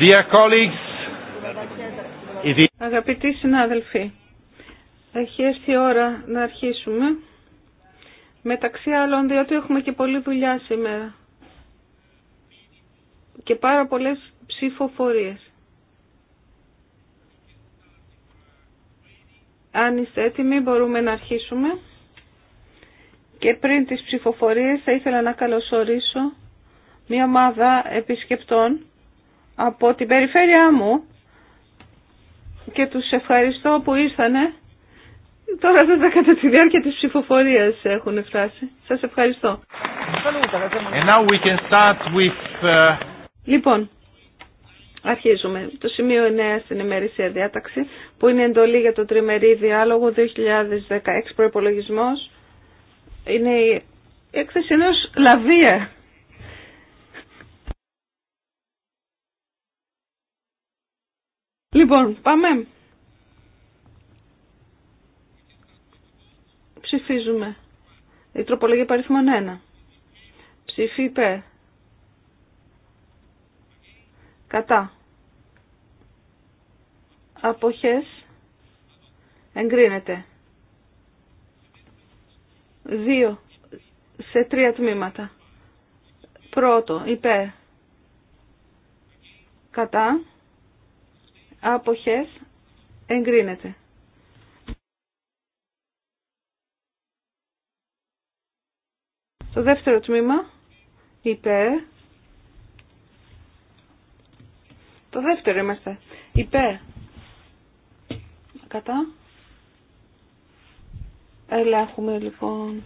Dear colleagues, Αγαπητοί συνάδελφοι, έχει έρθει η ώρα να αρχίσουμε. Μεταξύ άλλων, διότι έχουμε και πολλή δουλειά σήμερα και πάρα πολλές ψηφοφορίες. Αν είστε έτοιμοι, μπορούμε να αρχίσουμε. Και πριν τις ψηφοφορίες θα ήθελα να καλωσορίσω μια ομάδα επισκεπτών από την περιφέρειά μου και τους ευχαριστώ που ήρθανε. Τώρα τα κατά τη διάρκεια της ψηφοφορίας έχουν φτάσει. Σας ευχαριστώ. Uh, λοιπόν, αρχίζουμε. Το σημείο 9 στην ημερήσια διάταξη που είναι εντολή για το τριμερή διάλογο 2016 προπολογισμό. Είναι η έκθεση ενός λαβία Λοιπόν, πάμε. Ψηφίζουμε. Η τροπολογία παρήθμων 1. Ψήφι υπέρ. Κατά. Αποχές. Εγκρίνεται. Δύο. Σε τρία τμήματα. Πρώτο. Υπέρ. Κατά. Αποχές. Εγκρίνεται. Το δεύτερο τμήμα. Υπέρ. Το δεύτερο είμαστε. Υπέρ. Κατά. Ελέγχουμε λοιπόν.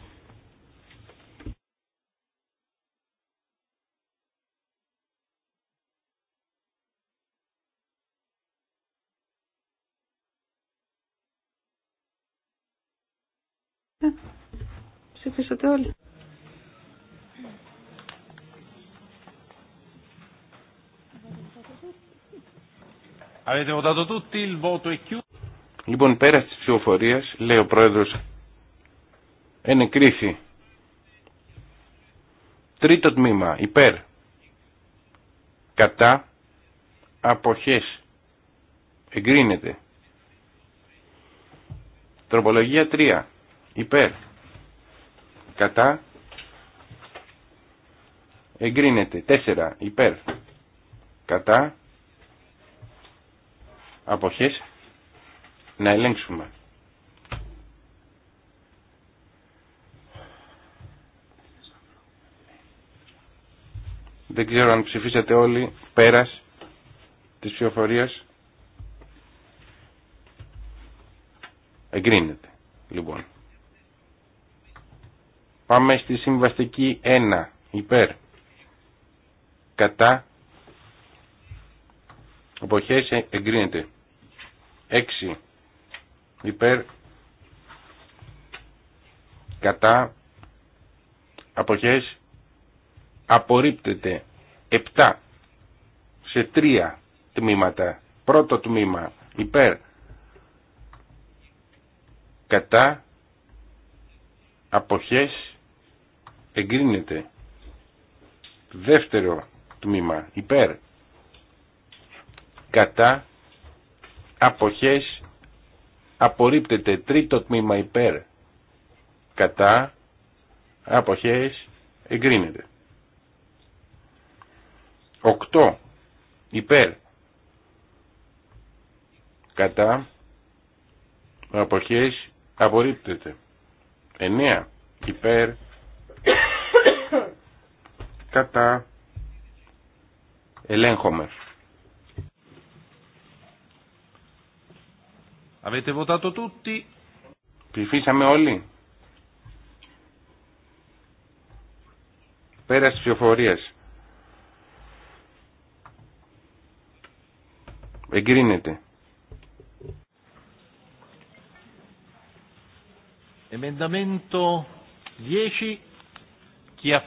Ψηφίσατε όλοι. Λοιπόν, πέρα τη ψηφοφορία, λέει ο πρόεδρο, Είναι κρίση. Τρίτο τμήμα, υπέρ. Κατά. αποχέ. Εγκρίνεται. Τροπολογία 3. Υπέρ κατά εγκρίνεται 4 υπέρ κατά αποχές να ελέγξουμε δεν ξέρω αν ψηφίσατε όλοι πέρας της ψηφοφορίας εγκρίνεται λοιπόν Πάμε στη συμβαστική 1. Υπέρ. Κατά. Αποχές ε, εγκρίνεται. 6. Υπέρ. Κατά. Αποχές απορρίπτεται. 7. Σε 3 τμήματα. Πρώτο τμήμα. Υπέρ. Κατά. Αποχές εγκρίνεται. Δεύτερο τμήμα υπέρ κατά αποχές απορρίπτεται. Τρίτο τμήμα υπέρ κατά αποχές εγκρίνεται. Οκτώ υπέρ κατά αποχές απορρίπτεται. 9. Υπέρ κατά ελέγχομαι. Avete votato tutti? Ψηφίσαμε όλοι. στις ψηφοφορίες. Εγκρίνεται. Emendamento 10. Chi è a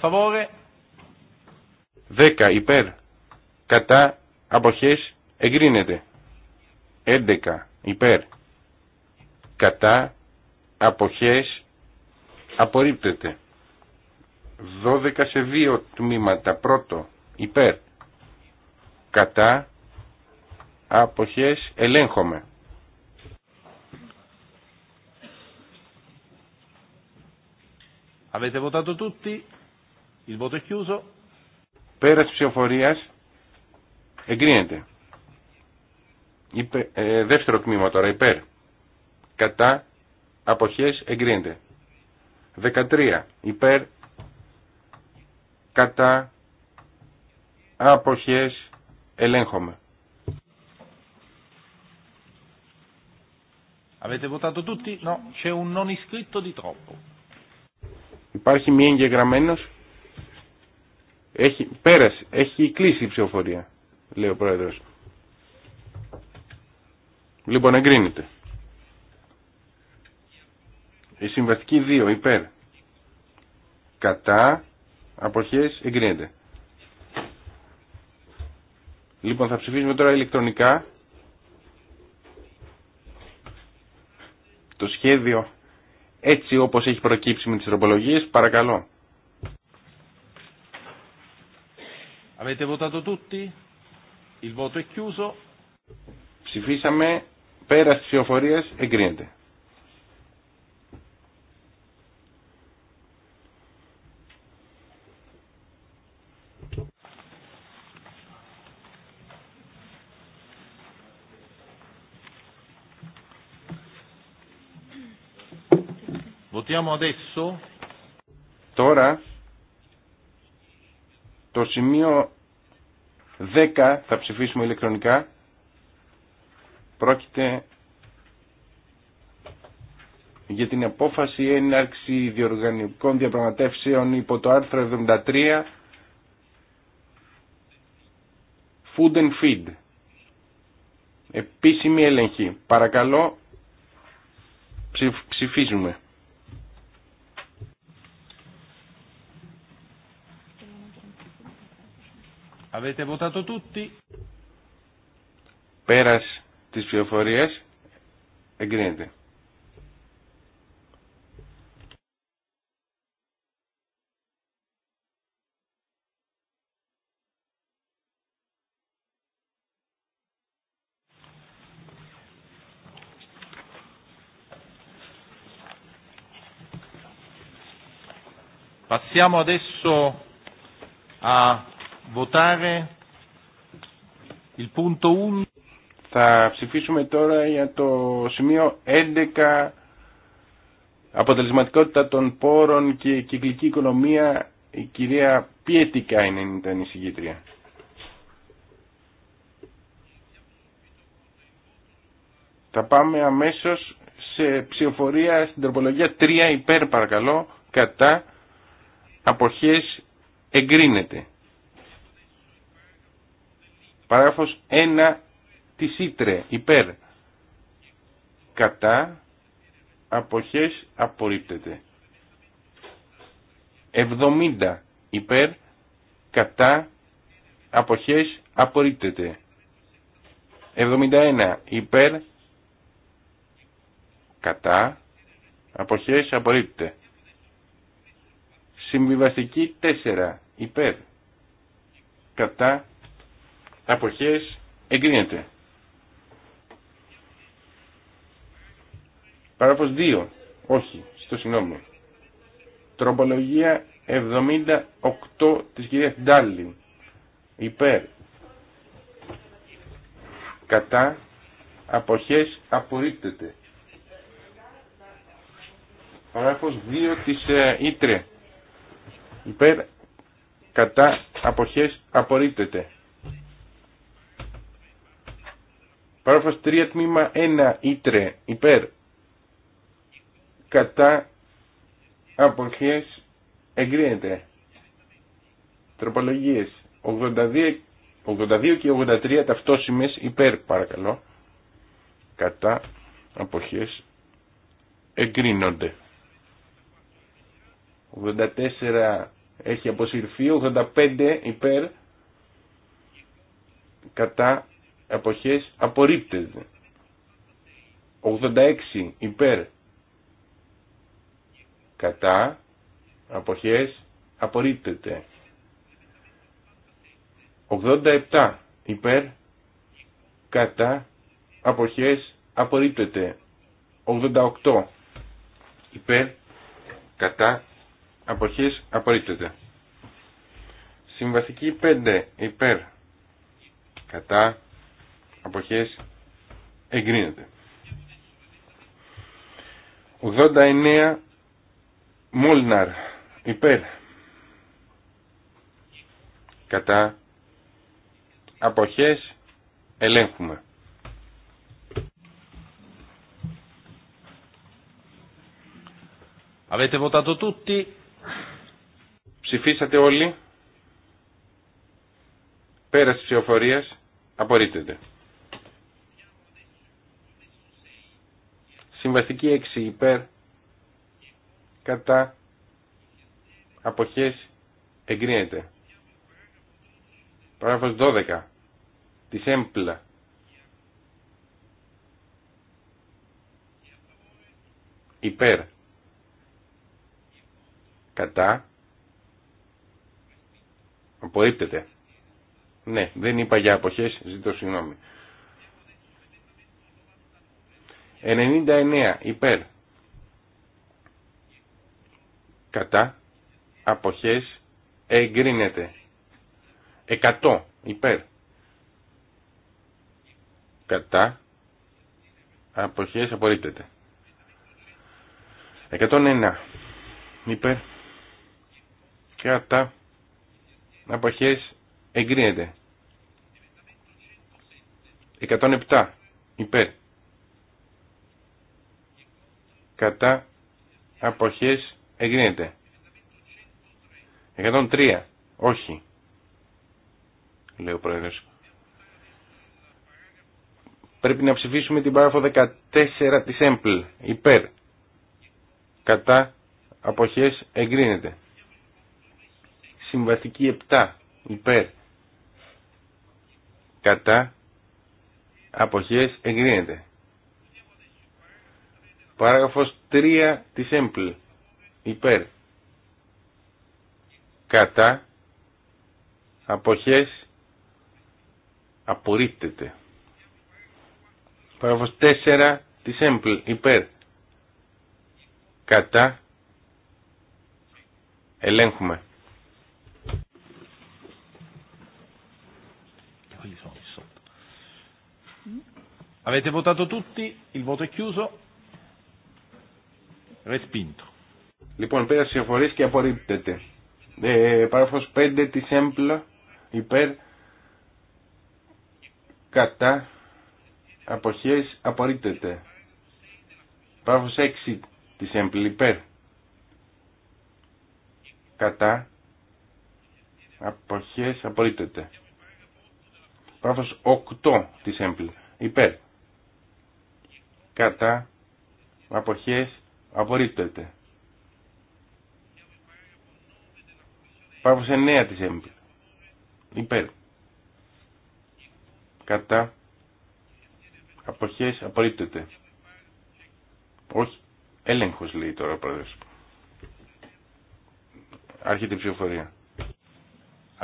10 υπέρ κατά αποχές εγκρίνεται 11 υπέρ κατά αποχές απορρίπτεται 12 σε 2 τμήματα πρώτο υπέρ κατά αποχές ελέγχομαι Avete votato tutti? Il voto è chiuso. Πέρας ψηφοφορίας εγκρίνεται. Υπε, ε, δεύτερο τμήμα τώρα, υπέρ. Κατά αποχές εγκρίνεται. 13. Υπέρ κατά αποχές ελέγχομαι. Avete votato tutti? No, c'è un non iscritto di troppo. Υπάρχει μία εγγεγραμμένος. Έχει, πέρασε, έχει κλείσει η ψηφοφορία, λέει ο πρόεδρος. Λοιπόν, εγκρίνεται. Η συμβατική 2, υπέρ. Κατά, αποχές, εγκρίνεται. Λοιπόν, θα ψηφίσουμε τώρα ηλεκτρονικά το σχέδιο έτσι όπως έχει προκύψει με τις τροπολογίες. Παρακαλώ. Avete votato tutti? Il voto è chiuso. Ψηφίσαμε πέρα τη e εγκρίνεται. Votiamo adesso. Τώρα το σημείο 10 θα ψηφίσουμε ηλεκτρονικά. Πρόκειται για την απόφαση έναρξη διοργανικών διαπραγματεύσεων υπό το άρθρο 73 Food and Feed. Επίσημη έλεγχη. Παρακαλώ ψηφίζουμε. Avete votato tutti? Πέρας της ψηφοφορίας εγκρίνεται. Passiamo adesso a Votare il punto Θα ψηφίσουμε τώρα για το σημείο 11 αποτελεσματικότητα των πόρων και κυκλική οικονομία η κυρία Πιέτικα είναι η συγκήτρια. Θα πάμε αμέσως σε ψηφοφορία στην τροπολογία 3 υπέρ παρακαλώ κατά αποχές εγκρίνεται. Παράγραφος 1 της Ήτρε υπέρ κατά αποχές απορρίπτεται. 70 υπέρ κατά αποχές απορρίπτεται. 71 υπέρ κατά αποχές απορρίπτεται. Συμβιβαστική 4 υπέρ κατά αποχές εγκρίνεται. Παράγραφος 2. Όχι, στο συγγνώμη. Τροπολογία 78 της κυρίας Ντάλλη. Υπέρ. Κατά. Αποχές απορρίπτεται. Παράγραφος 2 της ε, Ήτρε. Υπέρ. Κατά. Αποχές απορρίπτεται. Παράγραφος 3 τμήμα 1 ήτρε υπέρ κατά αποχές εγκρίνεται. Τροπολογίες 82, 82 και 83 ταυτόσημες υπέρ παρακαλώ κατά αποχές εγκρίνονται. 84 έχει αποσυρθεί, 85 υπέρ κατά εποχές απορρίπτεται 86 υπέρ κατά αποχές απορρίπτεται 87 υπέρ κατά αποχές απορρίπτεται 88 υπέρ κατά αποχές απορρίπτεται συμβαστική 5 υπέρ κατά αποχές εγκρίνεται 89 Μόλναρ υπέρ κατά αποχές ελέγχουμε Avete votato tutti? Ψηφίσατε όλοι. τη ψηφοφορία. Απορρίπτεται. Συμβαστική εξί υπέρ κατά αποχές εγκρίνεται. Παράγραφος 12 της έμπλα. Υπέρ. Κατά. Απορρίπτεται. Ναι, δεν είπα για αποχές, ζητώ συγγνώμη. 99 υπέρ κατά αποχές εγκρίνεται 100 υπέρ κατά αποχές απορρίπτεται 101 υπέρ κατά αποχές εγκρίνεται 107 υπέρ κατά αποχές εγκρίνεται. 103. Όχι. Λέει ο Πρέπει να ψηφίσουμε την πάραφο 14 της ΕΜΠΛ. Υπέρ. Κατά αποχές εγκρίνεται. Συμβαστική 7. Υπέρ. Κατά αποχές εγκρίνεται. Παράγραφος 3 της έμπλ. Υπέρ. Κατά. Αποχές. Απορρίπτεται. Παράγραφος 4 της έμπλ. Υπέρ. Κατά. Ελέγχουμε. Avete votato tutti, il voto è chiuso. Respinto. Λοιπόν, πέρα ψηφοφορίες και απορρίπτεται. Ε, 5 της έμπλα υπέρ κατά αποχές απορρίπτεται. Παράγραφος 6 της έμπλα υπέρ κατά αποχέ, απορρίπτεται. Πάφο 8 της έμπλα υπέρ κατά αποχές Απορρίπτεται. Πάω σε 9 της έμπη. Υπέρ. Κατά. Αποχές απορρίπτεται. Όχι. Έλεγχος λέει τώρα ο πρόεδρος. Άρχεται η ψηφοφορία.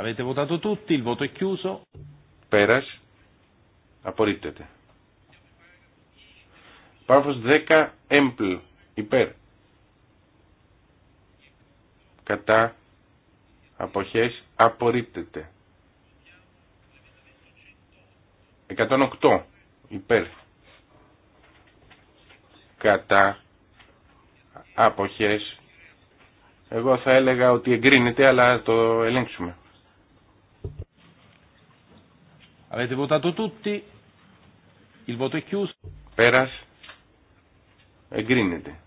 Avete votato tutti, il voto è chiuso. Peras, Απορρίπτεται. Πάφος 10 έμπλ υπέρ κατά αποχές απορρίπτεται 108 υπέρ κατά αποχές εγώ θα έλεγα ότι εγκρίνεται αλλά το ελέγξουμε Avete votato tutti il voto è chiuso Εγκρίνεται.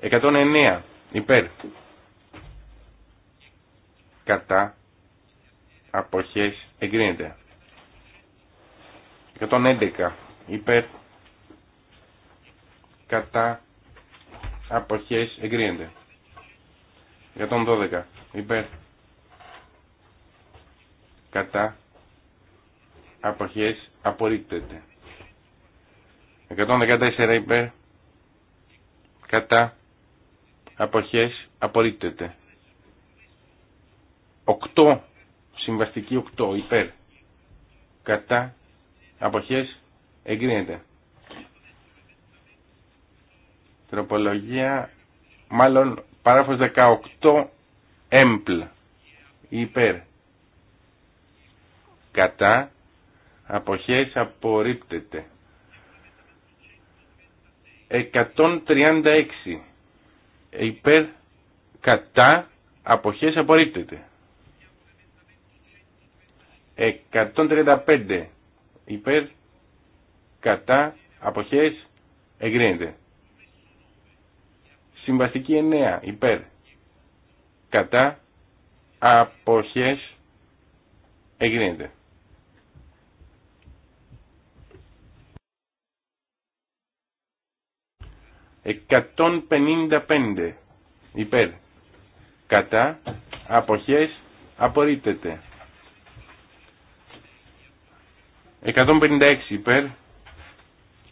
Εκατόν εννέα. Υπέρ. Κατά. Αποχές. Εγκρίνεται. Εκατόν έντεκα. Υπέρ. Κατά. Αποχές. Εγκρίνεται. εκατόν δώδεκα Υπέρ. Κατά αποχές απορρίπτεται. 114 υπέρ κατά αποχές απορρίπτεται. 8 συμβαστική 8 υπέρ κατά αποχές εγκρίνεται. Τροπολογία μάλλον παράφος 18 έμπλ υπέρ κατά αποχές απορρίπτεται 136 υπέρ κατά αποχές απορρίπτεται 135 υπέρ κατά αποχές εγκρίνεται συμβαστική 9 υπέρ κατά αποχές εγκρίνεται 155 υπέρ κατά αποχές απορρίπτεται 156 υπέρ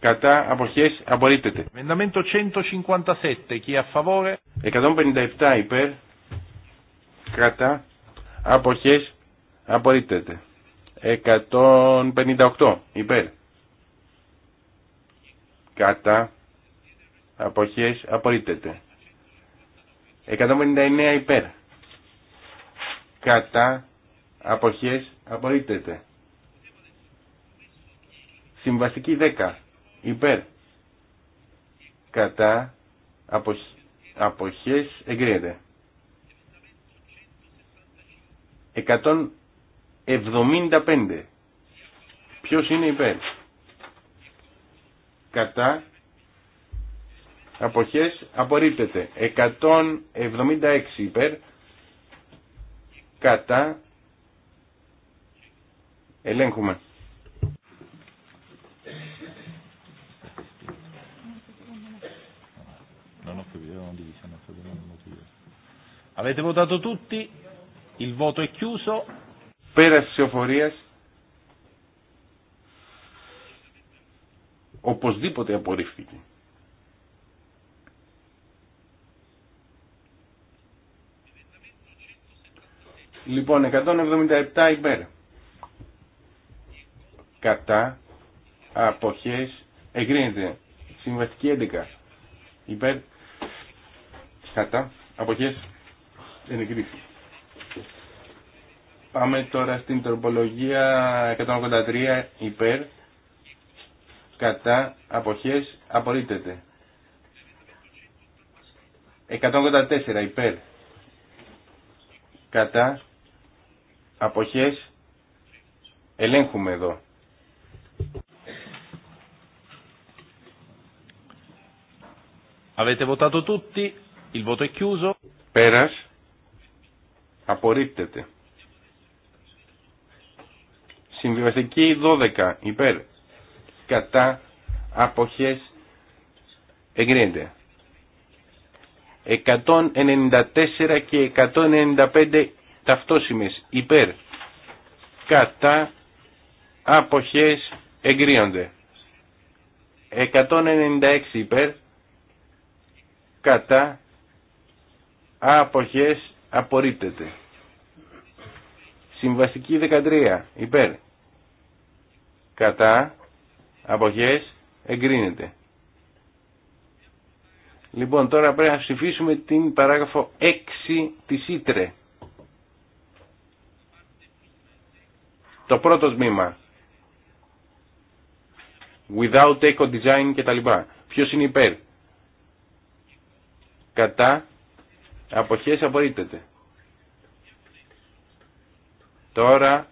κατά αποχές απορρίπτεται 157 και αφαβόρε. 157 υπέρ κατά αποχές απορρίπτεται 158 υπέρ κατά αποχές απορρίπτεται. 159 υπέρ κατά αποχές απορρίπτεται. Συμβαστική 10 υπέρ κατά αποχές εγκρίνεται. 175 ποιος είναι υπέρ κατά αποχές απορρίπτεται 176 υπέρ κατά ελέγχουμε Avete votato tutti, il voto è chiuso. Οπωσδήποτε απορρίφθηκε. Λοιπόν, 177 υπέρ. Κατά αποχές εγκρίνεται. Συμβαστική 11 υπέρ. Κατά αποχές εγκρίνεται. Πάμε τώρα στην τροπολογία 183 υπέρ. Κατά αποχές απορρίπτεται. 184 υπέρ κατά αποχές ελέγχουμε εδώ. Avete votato tutti, il voto è chiuso. Πέρας, απορρίπτεται. Συμβιβαστική 12, υπέρ, κατά, αποχές, εγκρίνεται. 194 και 195 Ταυτόσημες υπέρ κατά αποχές εγκρίνονται 196 υπέρ κατά αποχές απορρίπτεται συμβαστική 13 υπέρ κατά αποχές εγκρίνεται Λοιπόν, τώρα πρέπει να ψηφίσουμε την παράγραφο 6 της Ήτρε. Το πρώτο τμήμα. Without eco design κτλ. Ποιος είναι υπέρ. Κατά. Αποχές απορρίπτεται. Τώρα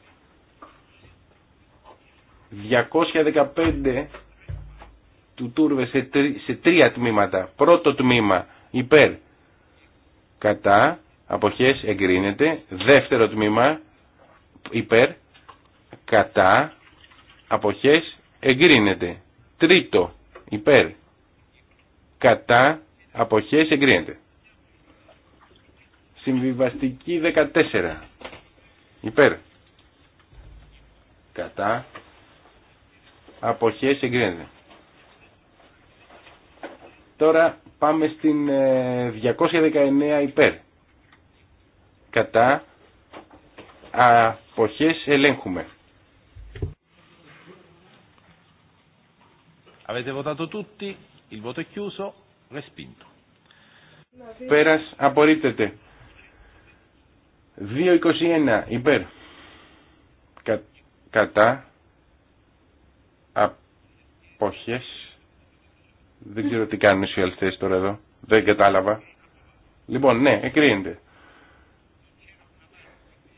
215 του Τούρβε σε, σε τρία τμήματα. Πρώτο τμήμα υπέρ κατά αποχές εγκρίνεται. Δεύτερο τμήμα υπέρ κατά, αποχές, εγκρίνεται. Τρίτο, υπέρ, κατά, αποχές, εγκρίνεται. Συμβιβαστική 14, υπέρ, κατά, αποχές, εγκρίνεται. Τώρα πάμε στην 219 ε, υπέρ. Κατά αποχές ελέγχουμε. Avete votato tutti, il voto è chiuso, respinto. Peras απορρίπτεται. 2.21 υπέρ. κατά. Αποχέ. Δεν ξέρω τι κάνουν οι σιαλιστές τώρα εδώ. Δεν κατάλαβα. Λοιπόν, ναι, εκρίνεται.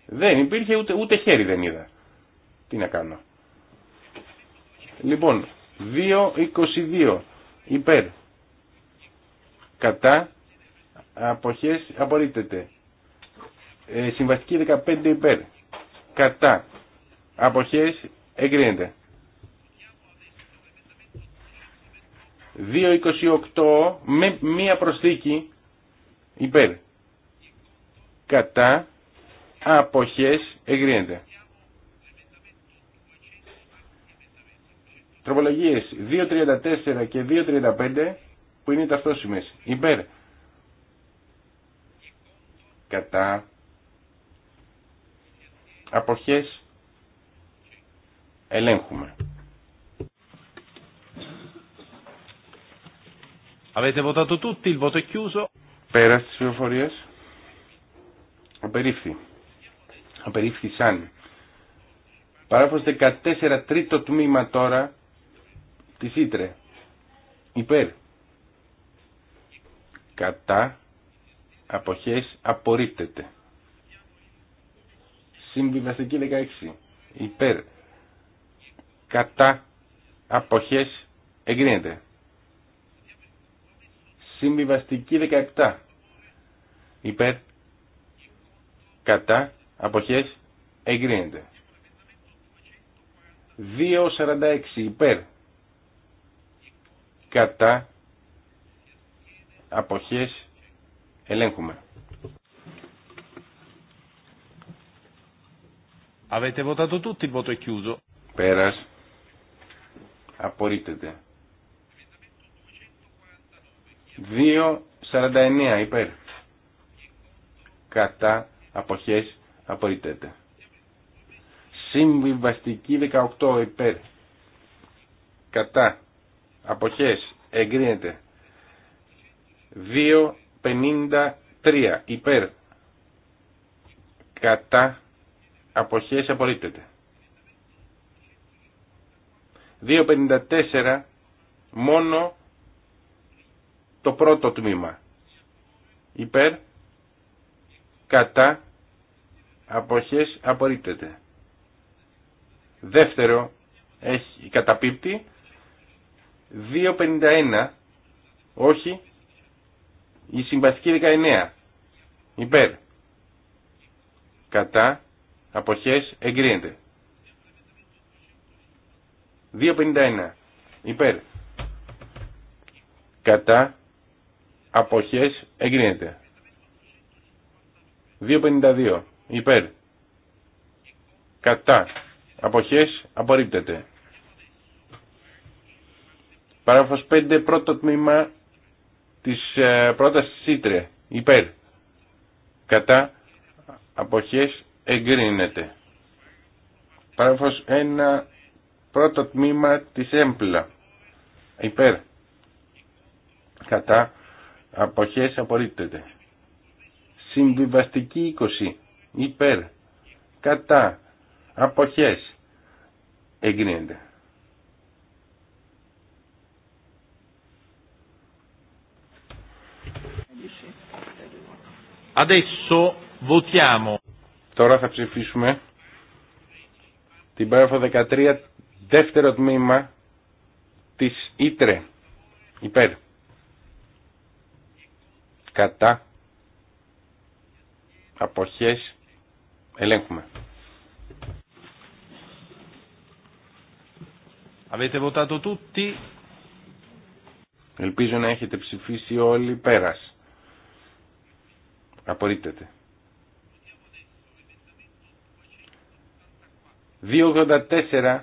Δεν υπήρχε ούτε, ούτε χέρι δεν είδα. Τι να κάνω. Λοιπόν, 2.22 υπέρ κατά αποχές απορρίπτεται ε, συμβαστική 15 υπέρ κατά αποχές εγκρίνεται 2.28 με μία προσθήκη υπέρ κατά αποχές εγκρίνεται Τροπολογίες 2.34 και 2.35 που είναι ταυτόσιμες. Υπέρ. Κατά. Αποχές. Ελέγχουμε. Avete votato tutti, il voto è chiuso. Πέρα aperifti, Απερίφθη. Απερίφθησαν. 14 τρίτο τμήμα τώρα Τη ΣΥΤΡΕ, Υπέρ. Κατά. Αποχές απορρίπτεται. Συμβιβαστική 16. Υπέρ. Κατά. Αποχές εγκρίνεται. Συμβιβαστική 17. Υπέρ. Κατά. Αποχές εγκρίνεται. 2.46 υπέρ κατά αποχές ελέγχουμε. Avete votato tutti, il voto è Απορρίπτεται. 2.49 υπέρ. Κατά αποχές απορρίπτεται. Συμβιβαστική 18 υπέρ. Κατά αποχές εγκρίνεται 2.53 υπέρ κατά αποχές απορρίπτεται 2.54 μόνο το πρώτο τμήμα υπέρ κατά αποχές απορρίπτεται δεύτερο έχει καταπίπτει 2.51 όχι η συμπαθική 19 υπέρ κατά αποχές εγκρίνεται 2.51 υπέρ κατά αποχές εγκρίνεται 2.52 υπέρ κατά αποχές απορρίπτεται Παράγραφος 5 πρώτο τμήμα της ε, πρότασης Ήτρε. Υπέρ. Κατά αποχές εγκρίνεται. Παράγραφος 1 πρώτο τμήμα της έμπλα. Υπέρ. Κατά αποχές απορρίπτεται. Συμβιβαστική 20. Υπέρ. Κατά. Αποχές. Εγκρίνεται. Adesso votiamo. Τώρα θα ψηφίσουμε την παράγραφο 13 δεύτερο τμήμα της Ήτρε υπέρ κατά αποχές ελέγχουμε. Avete votato Ελπίζω να έχετε ψηφίσει όλοι πέρας. Απορρίπτεται. 284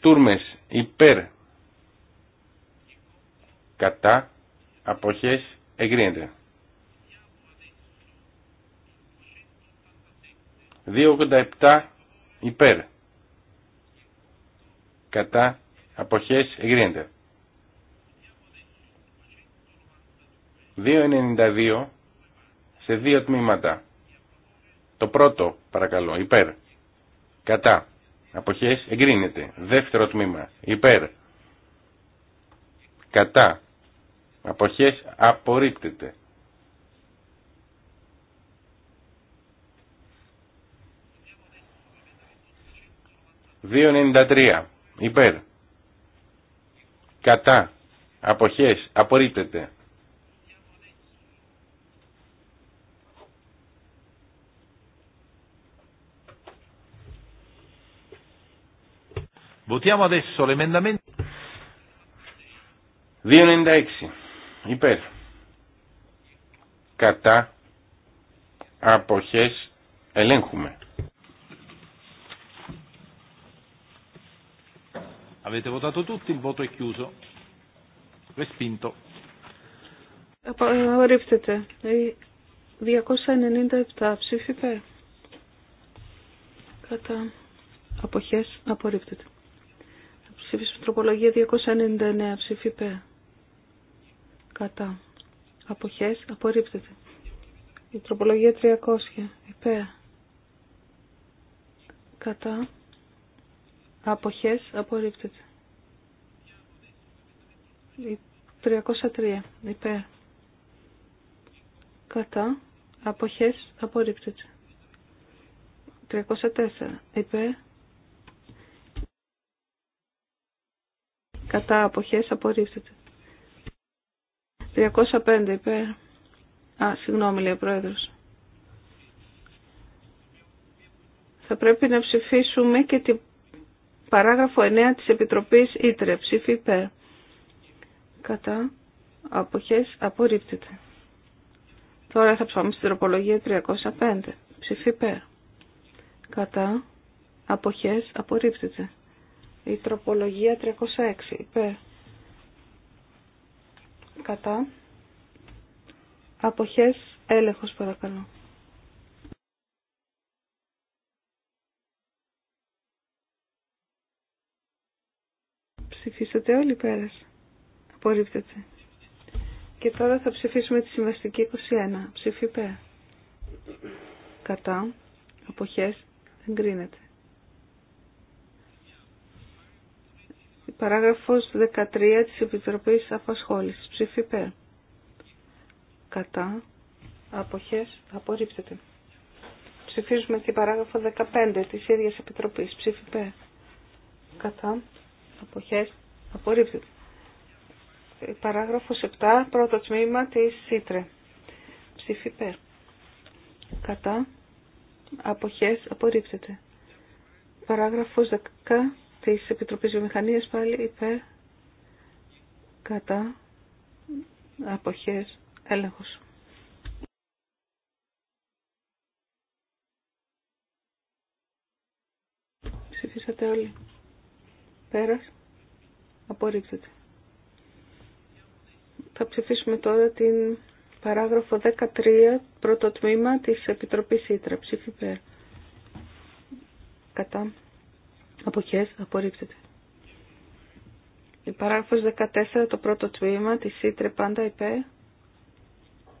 τούρμες υπέρ κατά αποχές εγκρίνεται. 287 υπέρ κατά αποχές εγκρίνεται. 292 σε δύο τμήματα. Το πρώτο, παρακαλώ, υπέρ. Κατά. Αποχές εγκρίνεται. Δεύτερο τμήμα, υπέρ. Κατά. Αποχές απορρίπτεται. ...2.93... ...υπέρ... ...κατά... ...αποχές... ...απορρίπτεται... Votiamo adesso l'emendamento 296 e υπέρ κατά αποχές ελέγχουμε. Avete votato tutti, il voto è chiuso. Respinto. Απορρίπτεται. 297 ψήφι υπέρ. Κατά αποχές απορρίπτεται ψήφισε τροπολογία 299 ψήφι πε Κατά. Αποχές απορρίπτεται. Η τροπολογία 300 υπέ. Κατά. Αποχές απορρίπτεται. Η 303 υπέ. Κατά. Αποχές απορρίπτεται. 304 υπέ. κατά αποχές απορρίφθηκε. 305, υπέρ. Α, συγγνώμη λέει ο Πρόεδρος. Θα πρέπει να ψηφίσουμε και την παράγραφο 9 της Επιτροπής Ήτρε. Ψήφι υπέρ. Κατά αποχές απορρίπτεται. Τώρα θα ψάμε στην τροπολογία 305. Ψήφι υπέρ. Κατά αποχές απορρίπτεται. Η τροπολογία 306 είπε, Κατά. Αποχές έλεγχος παρακαλώ. Ψηφίσατε όλοι πέρας. Απορρίπτεται. Και τώρα θα ψηφίσουμε τη συμβαστική 21. ψηφίπε. Κατά. Αποχές εγκρίνεται. Παράγραφος 13 της Επιτροπής Απασχόλησης. Ψήφι π. Κατά. Αποχές. Απορρίπτεται. Ψηφίζουμε την παράγραφο 15 της ίδιας Επιτροπής. Ψήφι π. Κατά. Αποχές. Απορρίπτεται. Παράγραφος 7. Πρώτο τμήμα της ΣΥΤΡΕ. Ψήφι π. Κατά. Αποχές. Απορρίπτεται. Παράγραφος 10 της Επιτροπής Βιομηχανίας πάλι υπέρ κατά αποχές έλεγχος. Ψηφίσατε όλοι. Πέρας. Απορρίπτεται. Θα ψηφίσουμε τώρα την παράγραφο 13, πρώτο τμήμα της Επιτροπής Ήτρα. Ψήφι Κατά. Αποχές απορρίπτεται. Η παράγραφος 14, το πρώτο τμήμα, τη ΣΥΤΡΕ πάντα υπέρ,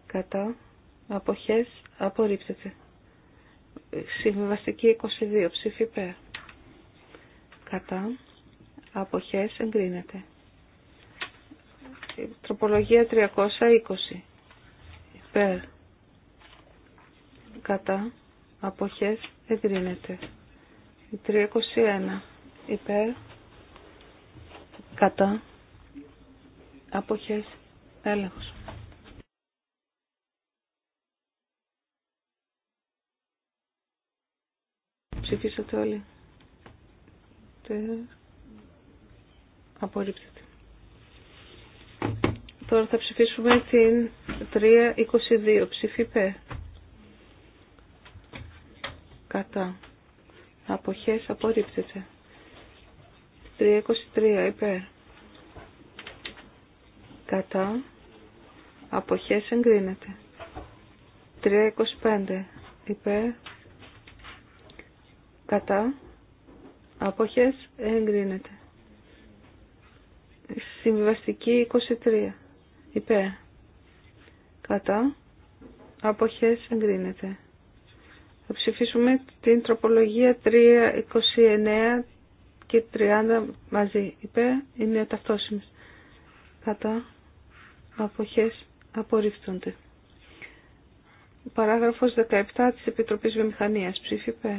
κατά, αποχές, απορρίπτεται. Συμβιβαστική 22, ψήφι υπέρ, κατά, αποχές, εγκρίνεται. τροπολογία 320, υπέρ, κατά, αποχές, εγκρίνεται. Η 321 υπέρ κατά αποχές έλεγχος. Ψηφίσατε όλοι. Απορρίπτεται. Τώρα θα ψηφίσουμε την 322. ψηφίπε Κατά. Αποχές απορρίπτεται. 323 υπέρ. Κατά. Αποχές εγκρίνεται. 325 υπέρ. Κατά. Αποχές εγκρίνεται. Συμβιβαστική 23 υπέρ. Κατά. Αποχές εγκρίνεται. Θα ψηφίσουμε την τροπολογία 3, 29 και 30 μαζί. είπε. είναι ταυτόσιμες. Κατά αποχές απορρίφτονται. Παράγραφος 17 της Επιτροπής Βιομηχανίας. Ψήφι υπέρ.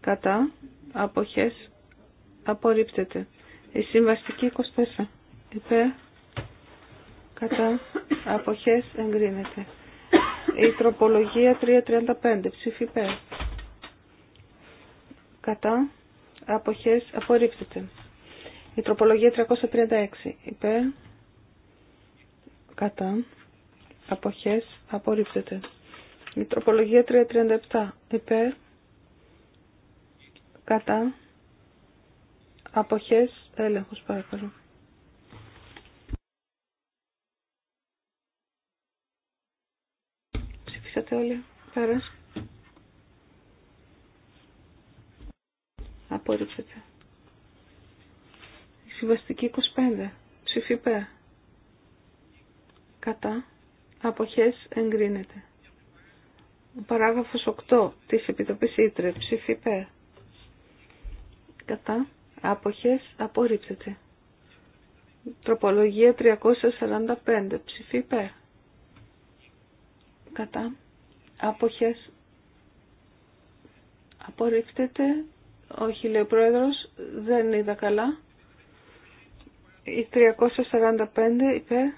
Κατά αποχές απορρίπτεται. Η συμβαστική 24. Υπέρ κατά αποχές εγκρίνεται. Η τροπολογία 335. Ψήφι υπέρ. Κατά. Αποχές. Απορρίπτεται. Η τροπολογία 336. Υπέρ. Κατά. Αποχές. Απορρίπτεται. Η τροπολογία 337. Υπέρ. Κατά. Αποχές. Έλεγχος παρακαλώ. Ψηφίσατε όλοι. Πέρας. Η συμβαστική 25. Ψηφί Κατά. Αποχές εγκρίνεται. Ο παράγραφος 8 της Επιτροπής Ήτρε. Ψηφί Κατά. Αποχές απορρίψεται. Τροπολογία 345. Ψηφί Κατά Αποχές. απορρίφτεται. Όχι, λέει ο πρόεδρος. Δεν είδα καλά. Η 345 είπε,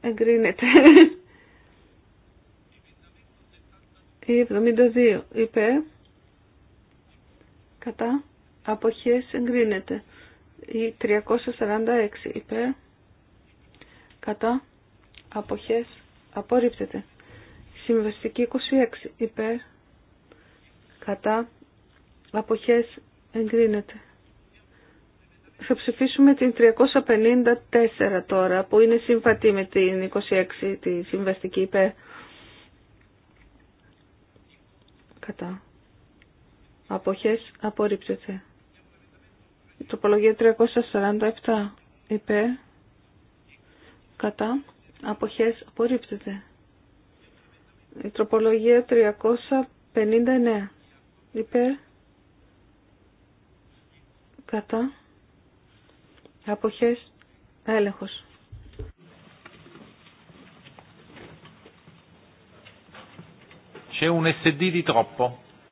Εγκρίνεται. Η 72 είπε, Κατά. Αποχές εγκρίνεται. Η 346 είπε, Κατά. Αποχές απορρίπτεται. Συμβαστική 26 υπέρ κατά αποχές εγκρίνεται. Θα ψηφίσουμε την 354 τώρα που είναι συμβατή με την 26 τη συμβαστική υπέρ κατά αποχές απορρίπτεται. Η τροπολογία 347 υπέρ κατά αποχές απορρίπτεται. Η τροπολογία 359. Υπέρ. Κατά. Αποχές. Έλεγχος.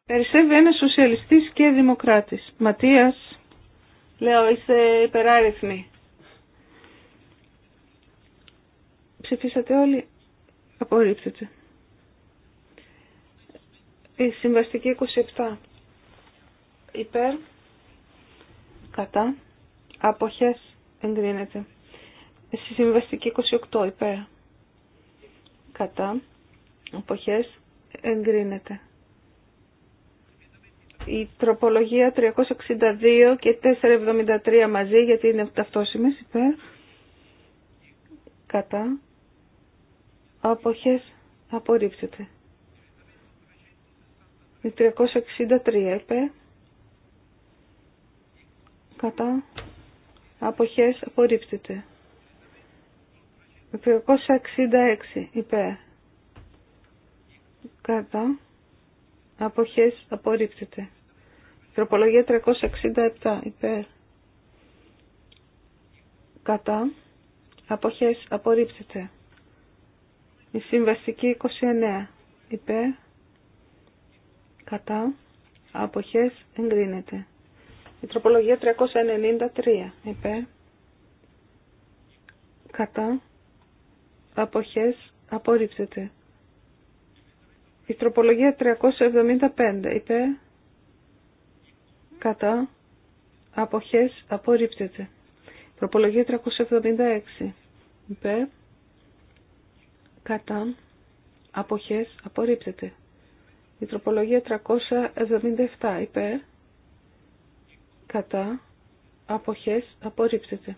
Περισσεύει ένα σοσιαλιστή και δημοκράτη. Ματίας, λέω, είστε υπεράριθμοι. Ψηφίσατε όλοι. Απορρίπτεται. Η συμβαστική 27. Υπέρ. Κατά. Αποχές. Εγκρίνεται. Η συμβαστική 28. Υπέρ. Κατά. Αποχές. Εγκρίνεται. Η τροπολογία 362 και 473 μαζί γιατί είναι ταυτόσιμες υπέρ. Κατά. Αποχές. Απορρίπτεται. Η 363 είπε κατά αποχές απορρίπτεται. 366 είπε, κατά αποχές απορρίπτεται. Τροπολογία 367 είπε, κατά αποχές απορρίπτεται. Η συμβαστική 29 είπε κατά αποχές εγκρίνεται. Η τροπολογία 393 είπε. κατά αποχές απορρίψεται. Η τροπολογία 375 είπε, κατά αποχές απορρίπτεται. Η τροπολογία 376 είπε, κατά αποχές απορρίπτεται. Η τροπολογία 377 υπέρ, κατά, αποχές, απορρίψεται.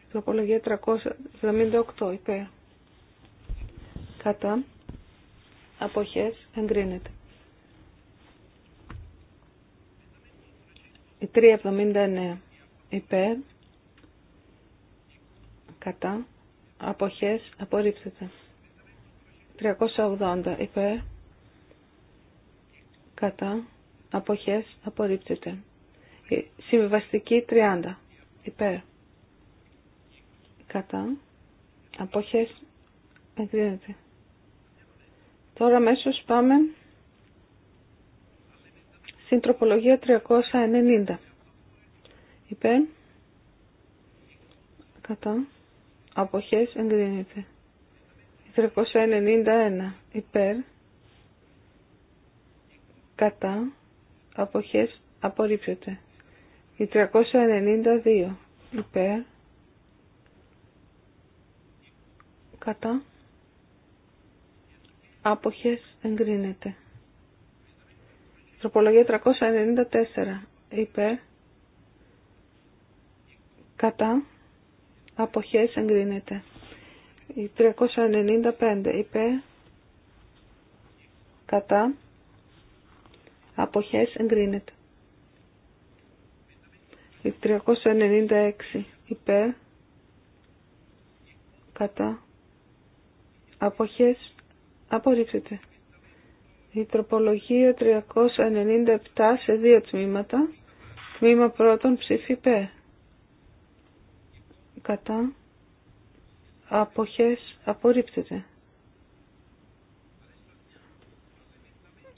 Η τροπολογία 378 υπέρ, κατά, αποχές, εγκρίνεται. Η 379 υπέρ, κατά, αποχές, απορρίψετε. 380 υπέρ, κατά, αποχές, απορρίπτεται. Συμβιβαστική 30, υπέρ, κατά, αποχές, εγκρίνεται. Τώρα μέσω πάμε στην τροπολογία 390. Υπέρ, κατά, αποχές εγκρίνεται. 391 υπέρ, κατά αποχές απορρίπτεται. Η 392 υπέρ κατά άποχες εγκρίνεται. Τροπολογία 394 υπέρ κατά άποχες εγκρίνεται. Η 395 υπέρ κατά αποχές εγκρίνεται. 396 υπέρ κατά αποχές απορρίπτεται. Η τροπολογία 397 σε δύο τμήματα. Τμήμα πρώτον ψήφι υπέρ. Κατά αποχές απορρίπτεται.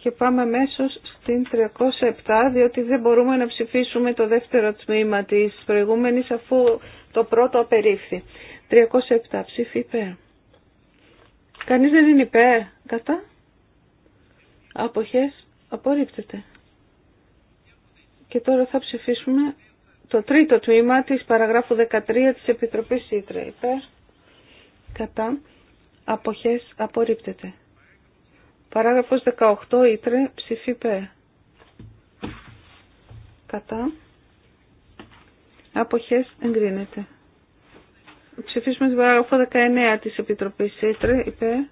Και πάμε αμέσω στην 307, διότι δεν μπορούμε να ψηφίσουμε το δεύτερο τμήμα της προηγούμενης, αφού το πρώτο απερίφθη. 307 ψήφι υπέρ. Κανείς δεν είναι υπέρ. Κατά. Αποχές. Απορρίπτεται. Και τώρα θα ψηφίσουμε το τρίτο τμήμα της παραγράφου 13 της Επιτροπής Ήτρε. Υπέρ. Κατά. Αποχές. Απορρίπτεται. Παράγραφος 18 Ήτρε ψηφί Π. Κατά. Αποχές εγκρίνεται. Ψηφίσουμε την παράγραφο 19 της Επιτροπής Ήτρε υπέ.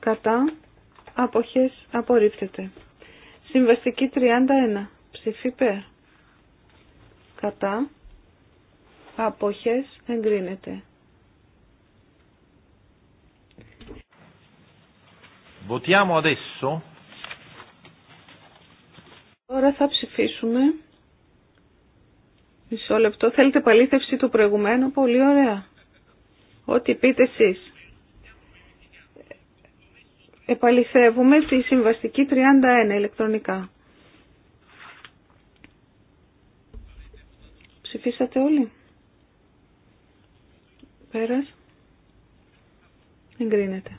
Κατά. Αποχές απορρίπτεται. Συμβαστική 31. Ψηφί Π. Κατά. Αποχές εγκρίνεται. Votiamo adesso. Τώρα θα ψηφίσουμε. Μισό λεπτό. Θέλετε παλήθευση του προηγουμένου. Πολύ ωραία. Ό,τι πείτε εσεί. Επαληθεύουμε τη συμβαστική 31 ηλεκτρονικά. Ψηφίσατε όλοι. Πέρας. Εγκρίνεται.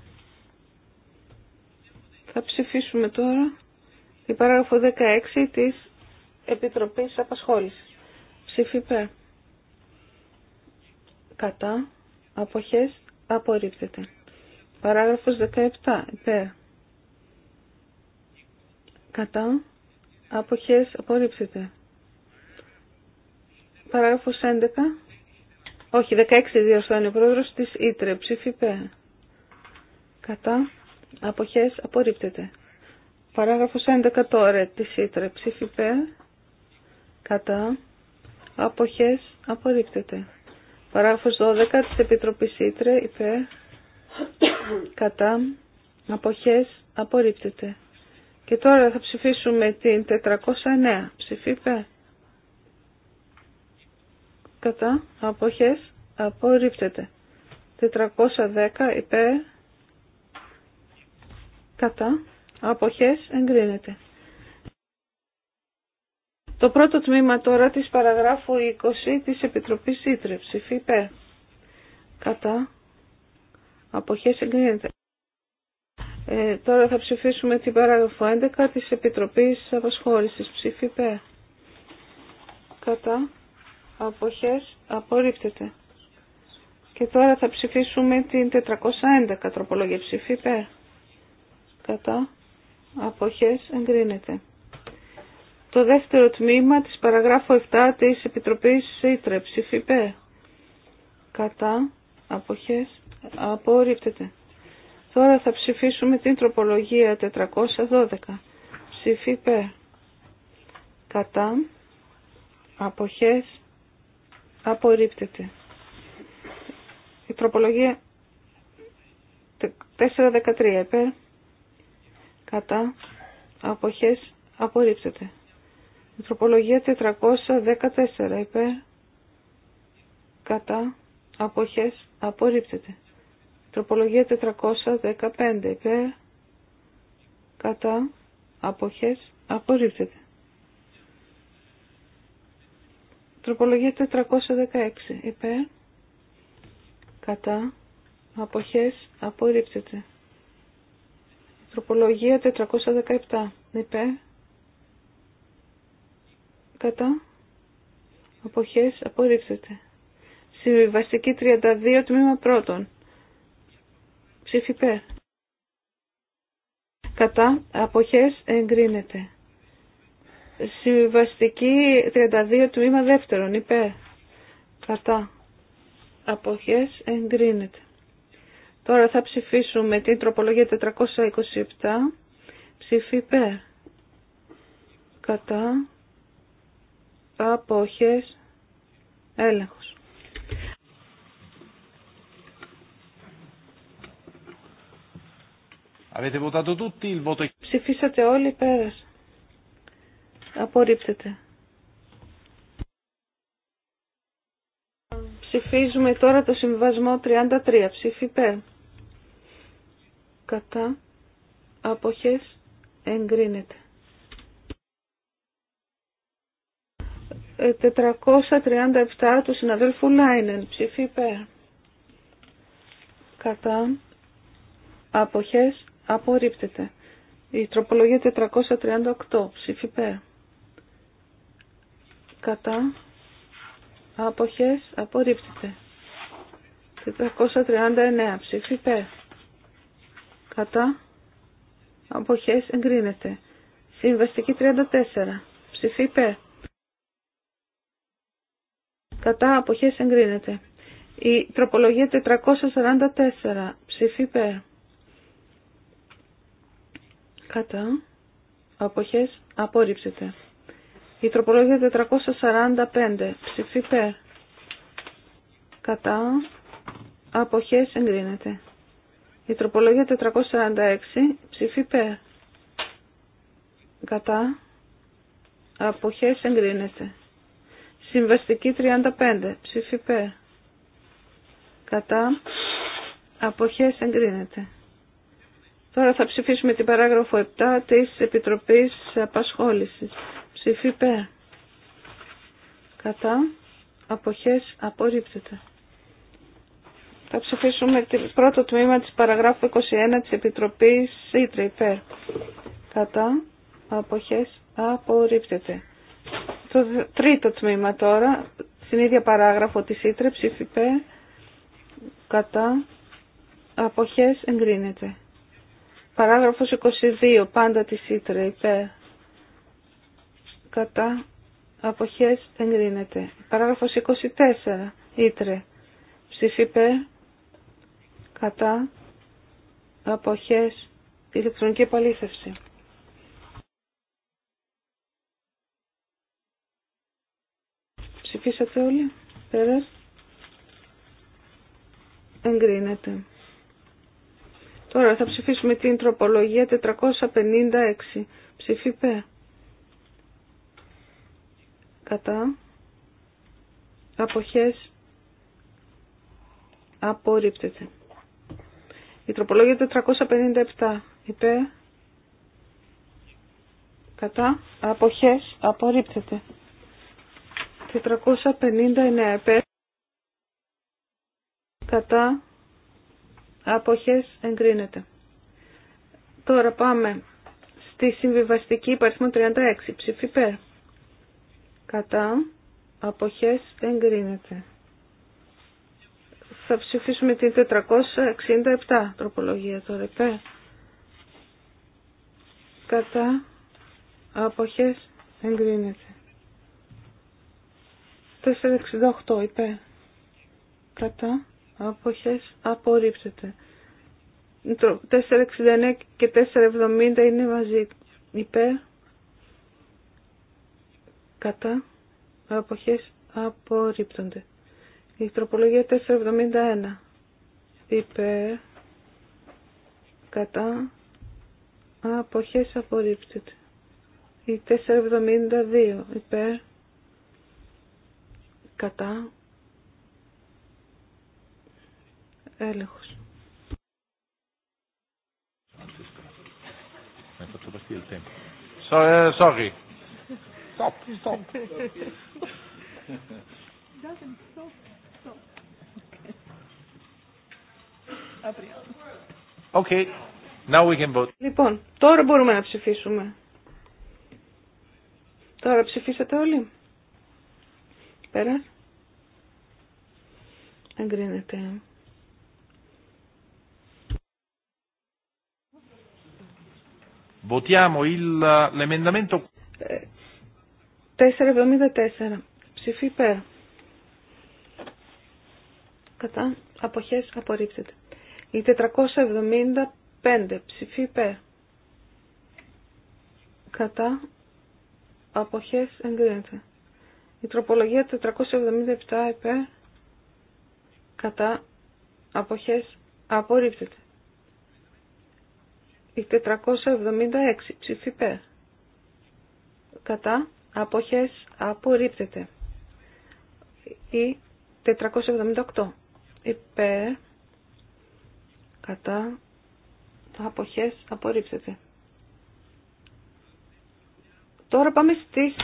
Θα ψηφίσουμε τώρα η παράγραφο 16 της Επιτροπής Απασχόλησης. Ψήφι Π. Κατά. Αποχές. Απορρίπτεται. Παράγραφος 17. Υπέρ. Κατά. Αποχές. Απορρίπτεται. Παράγραφος 11. Όχι, 16 διορθώνει ο πρόεδρος της Ήτρε. Ψήφι Π. Κατά. Αποχές απορρίπτεται. Παράγραφος 11 τώρα Τη ΣΥΤΡΕ. Ψήφι Κατά. Αποχές απορρίπτεται. Παράγραφος 12 της Επιτροπής ΣΥΤΡΕ. Υπέ. Κατά. Αποχές απορρίπτεται. Και τώρα θα ψηφίσουμε την 409. Ψηφί Κατά. Αποχές απορρίπτεται. 410 Υπέ κατά, αποχές εγκρίνεται. Το πρώτο τμήμα τώρα της παραγράφου 20 της Επιτροπής Ήτρε, φυπε. Κατά. Αποχές εγκρίνεται. Ε, τώρα θα ψηφίσουμε την παράγραφο 11 της Επιτροπής Απασχόλησης, ψηφί Κατά. Αποχές απορρίπτεται. Και τώρα θα ψηφίσουμε την 411 τροπολογία ψηφί κατά αποχές εγκρίνεται. Το δεύτερο τμήμα της παραγράφου 7 της Επιτροπής Ήτρε ψηφιπέ κατά αποχές απορρίπτεται. Τώρα θα ψηφίσουμε την τροπολογία 412 ψηφιπέ κατά αποχές απορρίπτεται. Η τροπολογία 413 επέ κατά αποχές απορρίπτεται. τροπολογία 414 υπέρ κατά αποχές απορρίπτεται. τροπολογία 415 υπέρ κατά αποχές απορρίπτεται. τροπολογία 416 υπέρ κατά αποχές απορρίπτεται. Τροπολογία 417. Νιπέ. Κατά. Αποχές. Απορρίψετε. Συμβιβαστική 32 τμήμα πρώτων. Ψήφι Κατά. Αποχές. Εγκρίνεται. Συμβιβαστική 32 τμήμα δεύτερον. υπε. Κατά. Αποχές. Εγκρίνεται. Τώρα θα ψηφίσουμε την τροπολογία 427. Ψήφι υπέρ. Κατά. Απόχες. Έλεγχος. Ψηφίσατε όλοι πέρας. Απορρίπτεται. Ψηφίζουμε τώρα το συμβασμό 33. Ψήφι Κατά. Αποχές. Εγκρίνεται. 437 ε, του συναδέλφου Λάινεν. Ψήφι υπέρ. Κατά. Αποχές. Απορρίπτεται. Η τροπολογία 438. Ψήφι Κατά Αποχές απορρίπτεται. 439 ψήφι Κατά. Αποχές εγκρίνεται. Συμβαστική 34 ψήφι Κατά αποχές εγκρίνεται. Η τροπολογία 444 ψήφι Κατά. Αποχές απορρίψεται. Η τροπολόγια 445. Ψηφί περ, Κατά. Αποχές εγκρίνεται. Η τροπολόγια 446. Ψηφί περ, Κατά. Αποχές εγκρίνεται. Συμβαστική 35. Ψήφι περ, Κατά. Αποχές εγκρίνεται. Τώρα θα ψηφίσουμε την παράγραφο 7 της Επιτροπής Απασχόλησης. Ψήφι πέ. Κατά. Αποχές απορρίπτεται. Θα ψηφίσουμε το πρώτο τμήμα της παραγράφου 21 της Επιτροπής Ήτρε υπέρ. Κατά. Αποχές απορρίπτεται. Το τρίτο τμήμα τώρα, στην ίδια παράγραφο της Ήτρε, ψήφι πέ. Κατά. Αποχές εγκρίνεται. Παράγραφος 22, πάντα της Ήτρε υπέρ κατά αποχές εγκρίνεται. Παράγραφος 24 ήτρε ψηφίπε κατά αποχές ηλεκτρονική επαλήθευση. Ψηφίσατε όλοι. Πέρας. Εγκρίνεται. Τώρα θα ψηφίσουμε την τροπολογία 456. Ψηφίπε κατά αποχές απορρίπτεται. Η τροπολόγια 457 υπέρ κατά αποχές απορρίπτεται. 459 υπέρ κατά αποχές εγκρίνεται. Τώρα πάμε στη συμβιβαστική υπαριθμό 36 ψήφι υπέρ κατά αποχές εγκρίνεται. Θα ψηφίσουμε την 467 τροπολογία τώρα Πε. Κατά αποχές εγκρίνεται. 468 είπε. Κατά αποχές απορρίψεται. 469 και 470 είναι μαζί υπέρ κατά αποχές απορρίπτονται. Η τροπολογία 471 υπέρ κατά αποχές απορρίπτονται. Η 472 υπέρ κατά έλεγχος. Sorry stop, stop. Doesn't stop, stop. Okay. Now we can vote. Λοιπόν, τώρα μπορούμε να ψηφίσουμε. Τώρα ψηφίσατε όλοι. Πέρα. Εγκρίνεται. Votiamo il, eh, l'emendamento. Ε, 474. Ψηφί υπέρ. Κατά. Αποχές απορρίπτεται. Η 475. Ψηφί υπέρ. Κατά. Αποχές εγκρίνεται. Η τροπολογία 477 υπέρ. Κατά. Αποχές απορρίπτεται. Η 476. Ψηφί υπέρ. Κατά αποχές απορρίπτεται. Ή 478 υπέρ κατά αποχές απορρίπτεται. Τώρα πάμε στις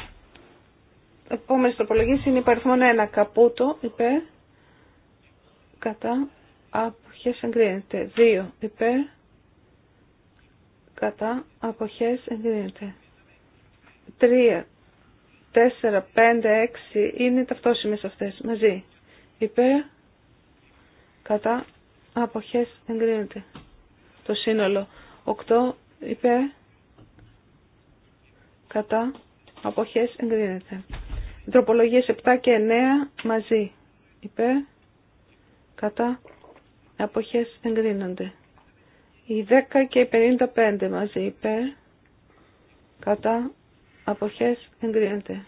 επόμενες τροπολογίες. Είναι υπαριθμόν 1 καπούτο υπέρ κατά αποχές εγκρίνεται. 2 υπέρ κατά αποχές εγκρίνεται. 3 4, 5, 6 είναι ταυτόσιμες αυτές μαζί. Υπέρ, κατά, αποχές εγκρίνεται. Το σύνολο 8 υπέρ, κατά, αποχές εγκρίνεται. Οι 7 και 9 μαζί. Υπέρ, κατά, αποχές εγκρίνονται. Οι 10 και οι 55 μαζί υπέρ, κατά, αποχές εγκρίνεται.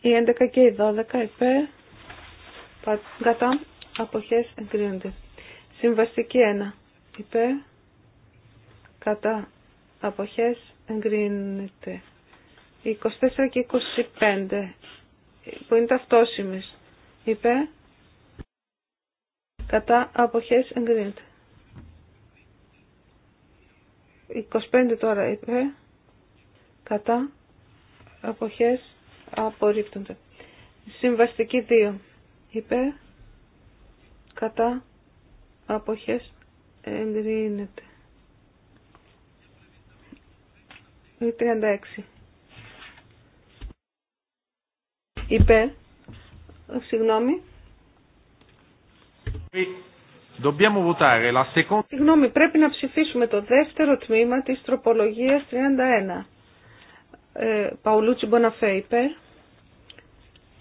Η 11 και οι 12 είπε κατά αποχές εγκρίνονται. Συμβαστική 1 υπέρ κατά αποχές εγκρίνεται. Οι 24 και 25 που είναι ταυτόσιμες είπε κατά αποχές εγκρίνεται. 25 τώρα είπε κατά αποχές απορρίπτονται. Συμβαστική 2 Υπέ κατά αποχές εγκρίνεται. Η 36 Υπέ, ε, συγγνώμη Συγγνώμη, πρέπει να ψηφίσουμε το δεύτερο τμήμα της τροπολογίας 31 ε, Παουλούτσι Μποναφέ υπέρ,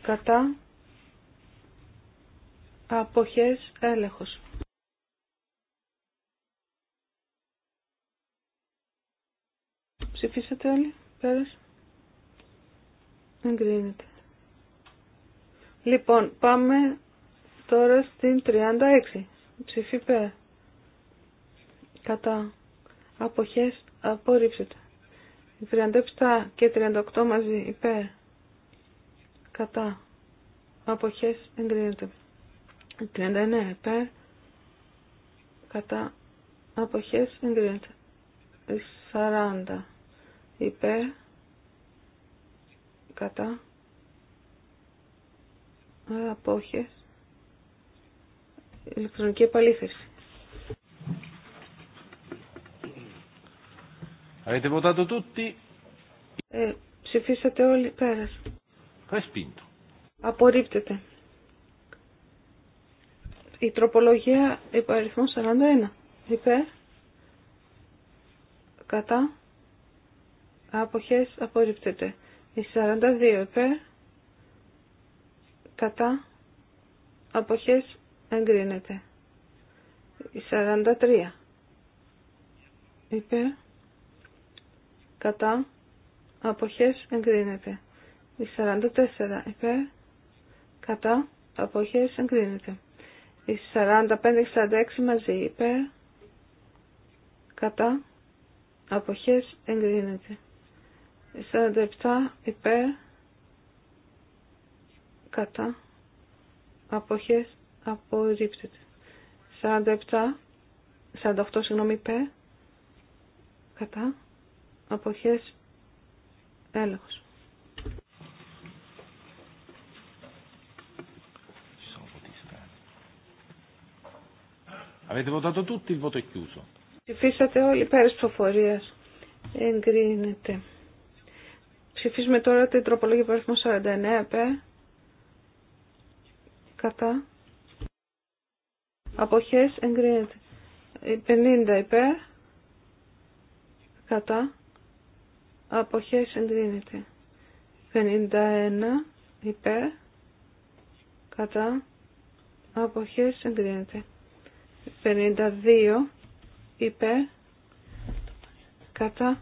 κατά, αποχές, έλεγχος. Ψηφίσατε όλοι, πέρας. Εγκρίνεται. Λοιπόν, πάμε τώρα στην 36. Ψηφί πέρα. Κατά. Αποχές απορρίψετε. 37 και 38 μαζί υπέρ κατά αποχές εγκρίνεται 39 υπέρ κατά αποχές εγκρίνεται 40 υπέρ κατά απόχες ηλεκτρονική επαλήθευση Avete votato tutti? Eh, ψηφίσατε όλοι πέρα; Respinto. Απορρίπτεται. Η τροπολογία υπαριθμών 41. Υπέρ. Κατά. Αποχές απορρίπτεται. Η 42 υπέρ. Κατά. Αποχές εγκρίνεται. Η 43 υπέρ κατά αποχές εγκρίνεται. Η 44 υπέρ κατά αποχές εγκρίνεται. Η 45-46 μαζί υπέρ κατά αποχές εγκρίνεται. Η 47 υπέρ κατά αποχές απορρίπτεται. 47, 48 συγγνώμη υπέρ κατά αποχές έλεγχος. Avete votato tutti, il voto è Ψηφίσατε όλοι πέρα ψηφοφορία. Εγκρίνεται. Ψηφίσουμε τώρα την τροπολογία που 49 επέ. Κατά. Αποχές εγκρίνεται. 50 ΠΕ. Κατά αποχές εγκρίνεται. 51 υπέρ κατά αποχές εγκρίνεται. 52 υπέρ κατά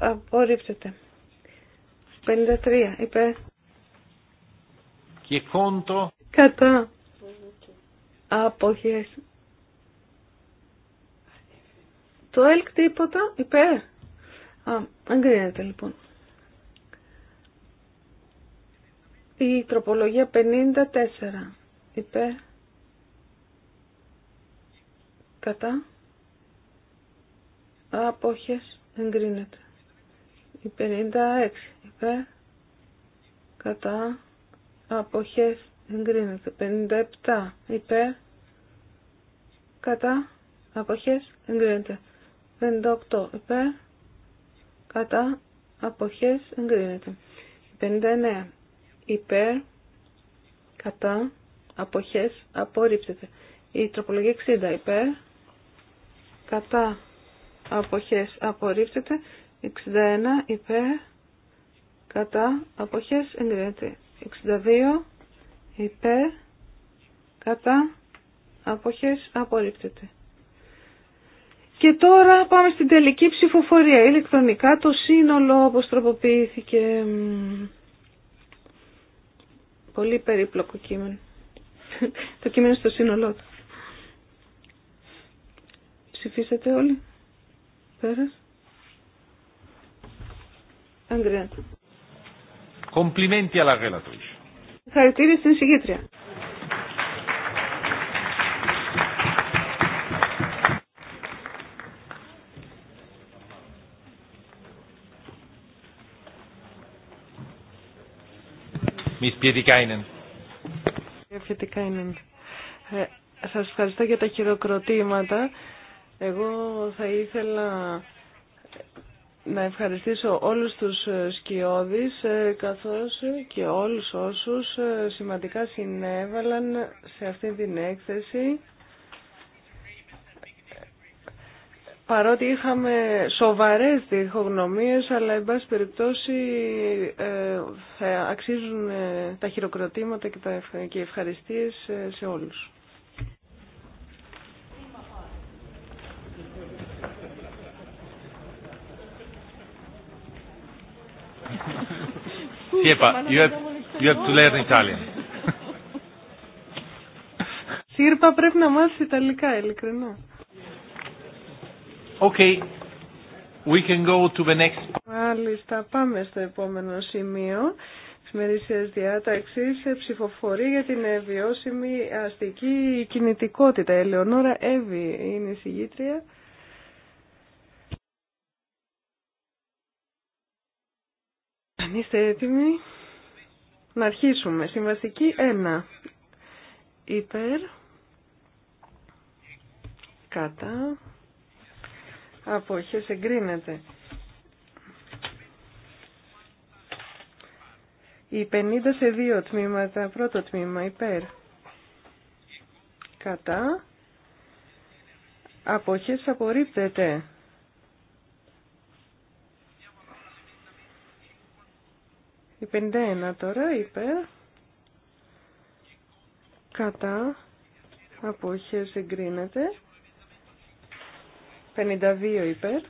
απορρίπτεται. 53 υπέρ και κόντο κατά αποχές το ΕΛΚ τίποτα, υπέρ. Α, εγκρίνεται λοιπόν. Η τροπολογία 54, υπέρ. Κατά. Απόχες, εγκρίνεται. Η 56, υπέρ. Κατά. Απόχες, εγκρίνεται. 57, υπέρ. Κατά. Απόχες, εγκρίνεται. 58 υπέρ κατά αποχές εγκρίνεται. 59 υπέρ κατά αποχές απορρίπτεται. Η τροπολογία 60 υπέρ κατά αποχές απορρίπτεται. 61 υπέρ κατά αποχές εγκρίνεται. 62 υπέρ κατά αποχές απορρίπτεται. Και τώρα πάμε στην τελική ψηφοφορία. Ηλεκτρονικά το σύνολο όπως τροποποιήθηκε. Πολύ περίπλοκο κείμενο. το κείμενο στο σύνολό του. Ψηφίσατε όλοι. Πέρας. Αντρέα. Κομπλιμέντια αλλά Χαρητήρια στην συγκήτρια. Πιετικάινεν. Ε, σας ευχαριστώ για τα χειροκροτήματα. Εγώ θα ήθελα να ευχαριστήσω όλους τους ε, σκιώδεις ε, καθώς και όλους όσους σημαντικά συνέβαλαν σε αυτή την έκθεση. Παρότι είχαμε σοβαρές διχογνωμίες, αλλά εν πάση περιπτώσει ε, θα αξίζουν ε, τα χειροκροτήματα και, τα, και οι ευχαριστίες ε, σε όλους. Σύρπα πρέπει να μάθεις Ιταλικά, ειλικρινά. Okay. We can go to the next. Μάλιστα, πάμε στο επόμενο σημείο της διάταξη σε ψηφοφορή για την βιώσιμη αστική κινητικότητα. Ελεονόρα Εύη είναι η συγγήτρια. Αν είστε έτοιμοι, να αρχίσουμε. Συμβαστική 1. Υπέρ. Κατά αποχές εγκρίνεται. Οι 50 σε δύο τμήματα, πρώτο τμήμα υπέρ. Κατά. Αποχές απορρίπτεται. Η 51 τώρα υπέρ. Κατά. Αποχές εγκρίνεται. 52 υπέρ.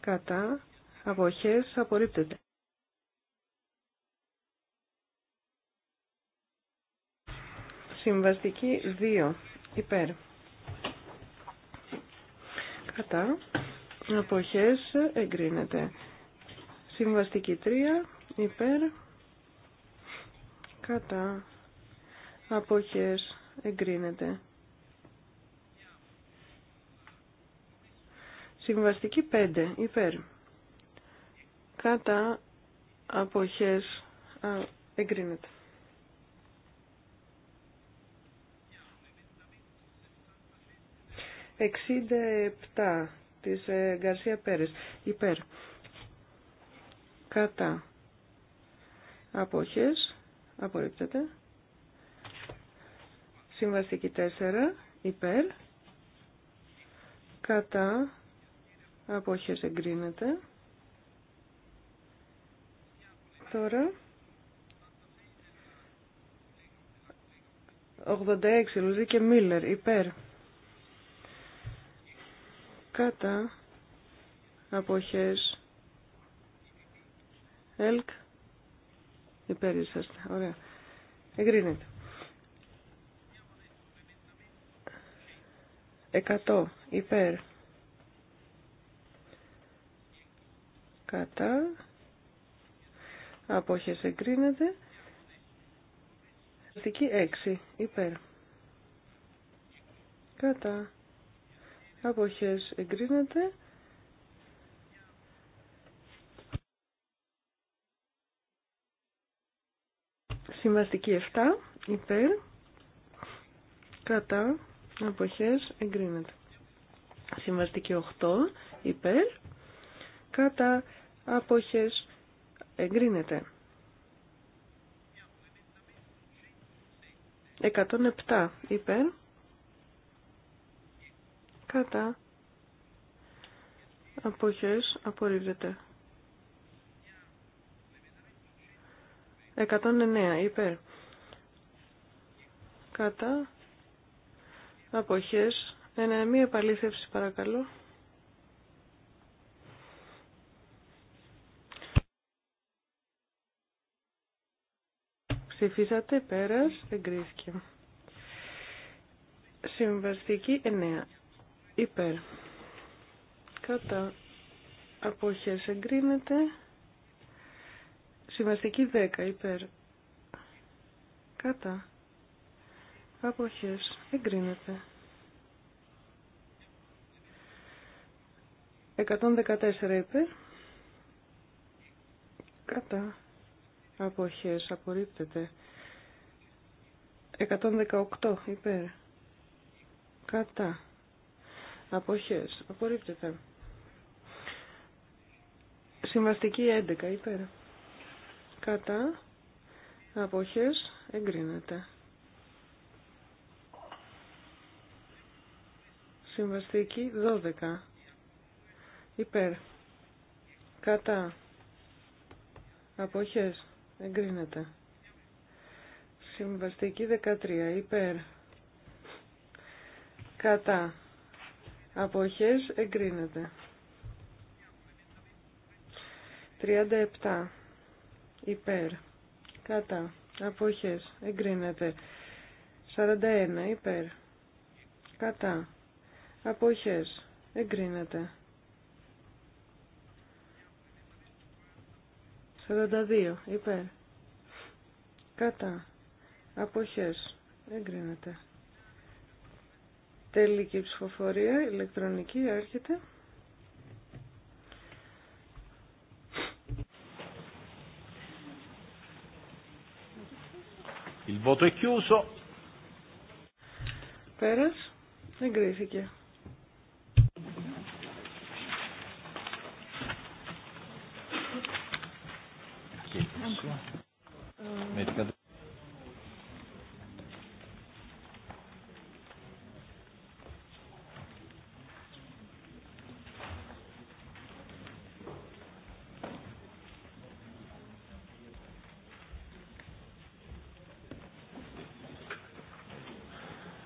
Κατά. Αποχές απορρίπτεται. Συμβαστική 2 υπέρ. Κατά. Αποχές εγκρίνεται. Συμβαστική 3 υπέρ. Κατά. Αποχές εγκρίνεται. Συμβαστική 5 υπέρ. Κατά αποχές εγκρίνεται. 67 επτά της ε, Γκαρσία Πέρες υπέρ. Κατά αποχές απορρίπτεται. Συμβαστική 4 υπέρ. Κατά Απόχες εγκρίνεται. Τώρα. 86, Λουζί και Μίλλερ, υπέρ. Κάτα. Απόχες. Ελκ. Υπέρ είσαστε. Ωραία. Εγκρίνεται. 100. Υπέρ. κατά απόχες εγκρίνεται Αστική 6 υπέρ κατά απόχες εγκρίνεται Συμβαστική 7 υπέρ κατά αποχές εγκρίνεται. Συμβαστική 8 υπέρ κατά αποχές εγκρίνεται. 107 υπέρ κατά αποχές απορρίβεται. 109 υπέρ κατά αποχές ένα μία επαλήθευση παρακαλώ. Ψηφίσατε πέρας, εγκρίθηκε. Συμβαστική 9. Υπέρ. Κατά Απόχε. εγκρίνεται. Συμβαστική 10. Υπέρ. Κατά Απόχε. εγκρίνεται. 114 υπέρ. Κατά αποχές απορρίπτεται 118 υπέρ κατά αποχές απορρίπτεται συμβαστική 11 υπέρ κατά αποχές εγκρίνεται συμβαστική 12 υπέρ κατά αποχές Εγκρίνεται. Συμβαστική 13. Υπέρ. Κατά. Αποχές εγκρίνεται. 37. Υπέρ. Κατά. Αποχές εγκρίνεται. 41. Υπέρ. Κατά. Αποχές εγκρίνεται. 42 υπέρ. Κατά. Αποχές. Εγκρίνεται. Τελική ψηφοφορία, ηλεκτρονική, έρχεται. Il voto è chiuso. Πέρας, εγκρίθηκε.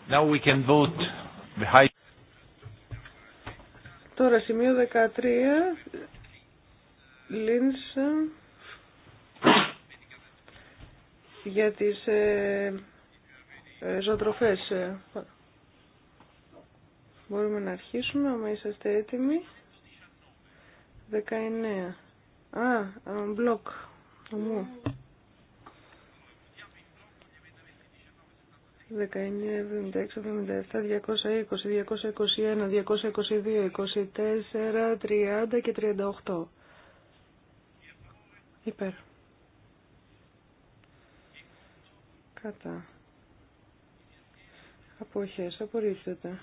Now we can vote the behind. Τώρα σημείο 13. Λίνσα για τις ε, ε, ζωοτροφές. Μπορούμε να αρχίσουμε, άμα είσαστε έτοιμοι. 19. Α, ε, μπλοκ. Μου. 19, 76, 77, 220, 221, 222, 24, 30 και 38. Υπέρ. κατά αποχές απορρίπτεται.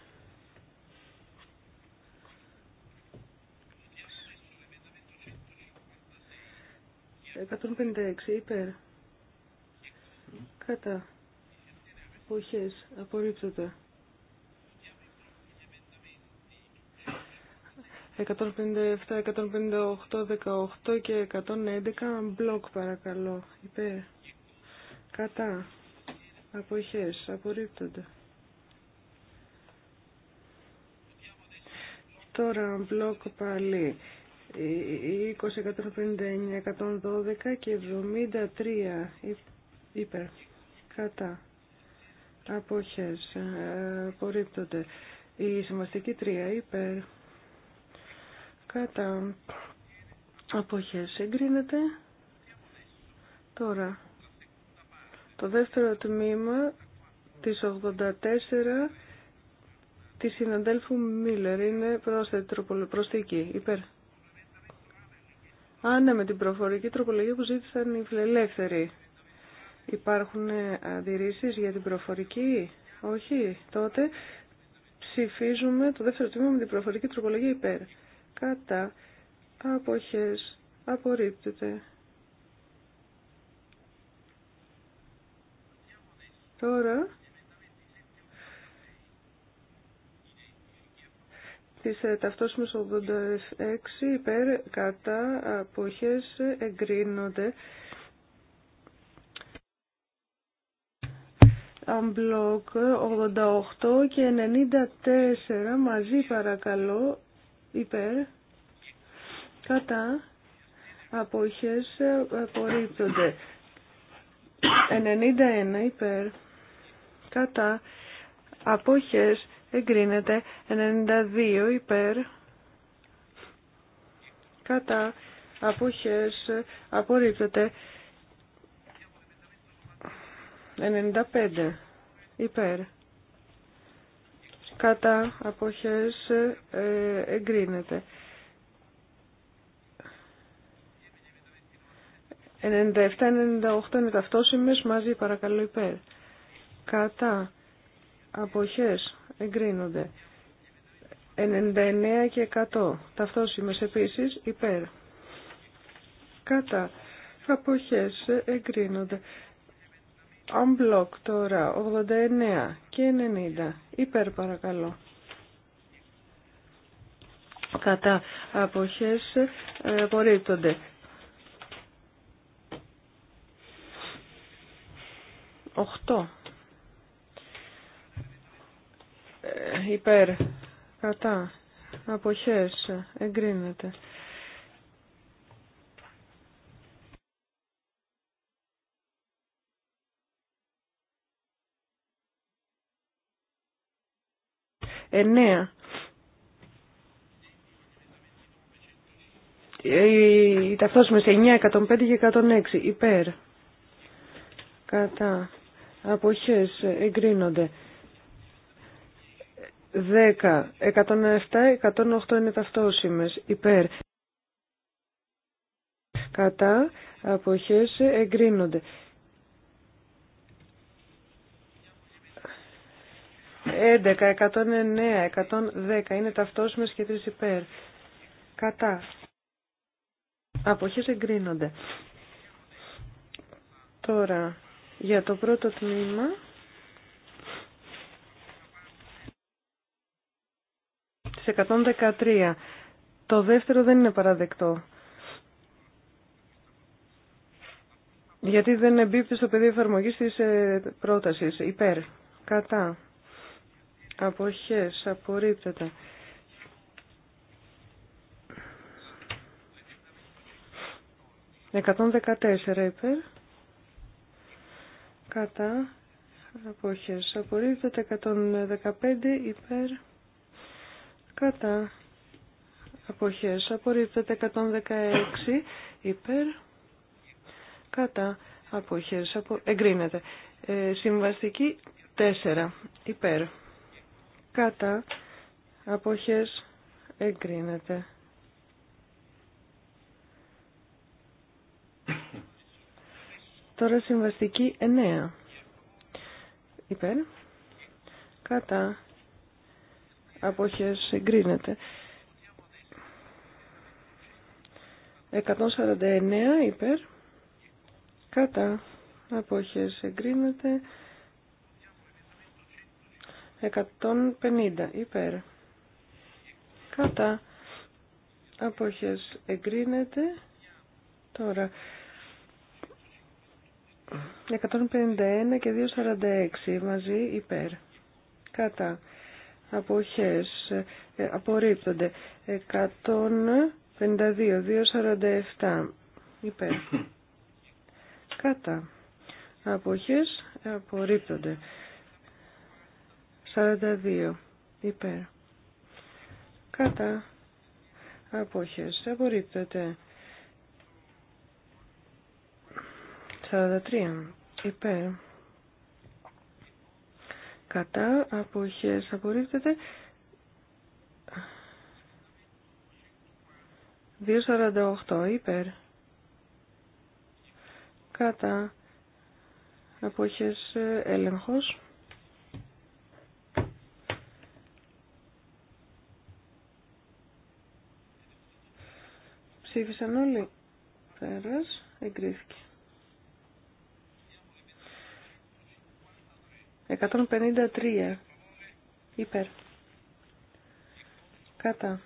156. υπέρ κατά αποχές απορρίπτεται. 157, 158, 18 και 111 μπλοκ παρακαλώ. Υπέρ. Κατά. Αποχές. Απορρίπτονται. Τώρα μπλοκ πάλι. 20, 159, 112 και 73 υπέρ. Κατά. Αποχές. Ε, απορρίπτονται. Η συμβαστική 3 υπέρ. Κατά. Αποχές. Εγκρίνεται. Τώρα. Το δεύτερο τμήμα της 84 της συναντέλφου Μίλλερ είναι προσθήκη. Υπέρ. Α, ναι, με την προφορική τροπολογία που ζήτησαν οι φιλελεύθεροι. Υπάρχουν ε, αντιρρήσεις για την προφορική. Όχι. Τότε ψηφίζουμε το δεύτερο τμήμα με την προφορική τροπολογία υπέρ. Κατά. Αποχές. Απορρίπτεται. τώρα τις ε, ταυτόσιμες 86 υπέρ κατά αποχές εγκρίνονται. Αμπλοκ 88 και 94 μαζί παρακαλώ υπέρ κατά αποχές απορρίπτονται. 91 υπέρ κατά αποχές εγκρίνεται 92 υπέρ κατά αποχές απορρίπτεται 95 υπέρ κατά αποχές ε, εγκρίνεται 97-98 είναι ταυτόσημες μαζί παρακαλώ υπέρ κατά αποχές εγκρίνονται 99 και 100 ταυτόσιμες επίσης υπέρ κατά αποχές εγκρίνονται unblock τώρα 89 και 90 υπέρ παρακαλώ κατά αποχές απορρίπτονται 8 ε, υπέρ, κατά, αποχές, εγκρίνεται. Εννέα. Οι σε 9, 105 και 106 υπέρ. Κατά. Αποχές εγκρίνονται. 10, 107, 108 είναι ταυτόσιμες. Υπέρ. Κατά αποχές εγκρίνονται. 11, 109, 110 είναι ταυτόσιμες και τρεις υπέρ. Κατά. Αποχές εγκρίνονται. Τώρα, για το πρώτο τμήμα... Τις 113. Το δεύτερο δεν είναι παραδεκτό. Γιατί δεν εμπίπτει στο πεδίο εφαρμογή τη ε, πρόταση. Υπέρ. Κατά. Αποχέ. Απορρίπτεται. 114 δεκατέσσερα υπέρ. Κατά. Αποχέ. Απορρίπτεται. 115 δεκαπέντε υπέρ κατά αποχές απορρίπτεται 116 υπέρ κατά αποχές απο... εγκρίνεται ε, συμβαστική 4 υπέρ κατά αποχές εγκρίνεται Τώρα συμβαστική 9 υπέρ κατά αποχές εγκρίνεται. 149 υπέρ κατά αποχές εγκρίνεται 150 υπέρ κατά αποχές εγκρίνεται τώρα 151 και 246 μαζί υπέρ κατά αποχές ε, ε, απορρίπτονται 152 247 υπέρ κατά αποχές απορρίπτονται 42 υπέρ κατά αποχές απορρίπτονται 43 υπέρ κατά αποχές απορρίπτεται 2.48 υπέρ κατά αποχές έλεγχος ψήφισαν όλοι πέρας εγκρίθηκε 153 υπέρ κατά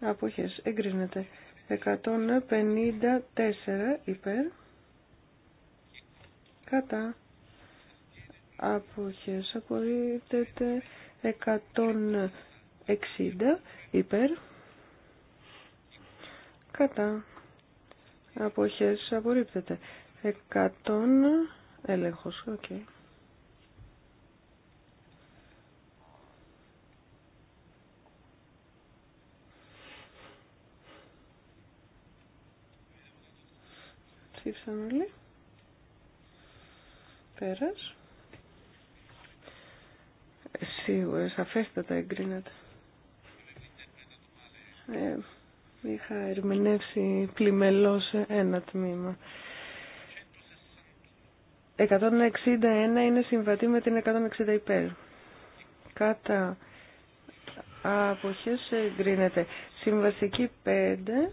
αποχές εγκρίνεται 154 υπέρ κατά αποχές απορρίπτεται 160 υπέρ κατά αποχές απορρίπτεται 100 έλεγχος okay. Ψήφισαν όλοι. Πέρας. Σίγουρα, σαφέστατα εγκρίνεται. Ε, είχα ερμηνεύσει πλημελώς ένα τμήμα. 161 είναι συμβατή με την 160 υπέρ. Κάτα αποχές εγκρίνεται. Συμβασική 5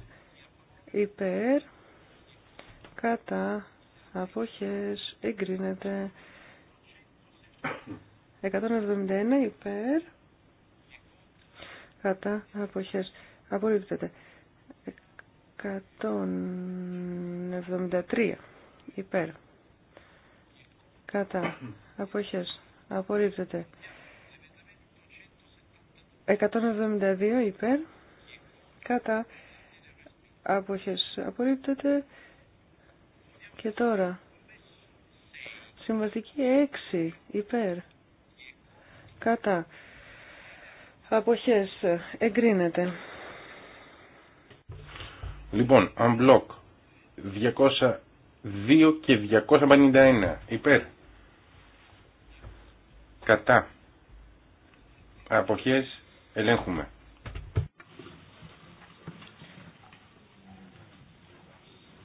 υπέρ κατά αποχές εγκρίνεται 171 υπέρ κατά αποχές απορρίπτεται 173 υπέρ κατά αποχές απορρίπτεται 172 υπέρ κατά αποχές απορρίπτεται και τώρα, συμβατική 6 υπέρ. Κατά. Αποχές. Εγκρίνεται. Λοιπόν, unblock 202 και 251 υπέρ. Κατά. Αποχές ελέγχουμε.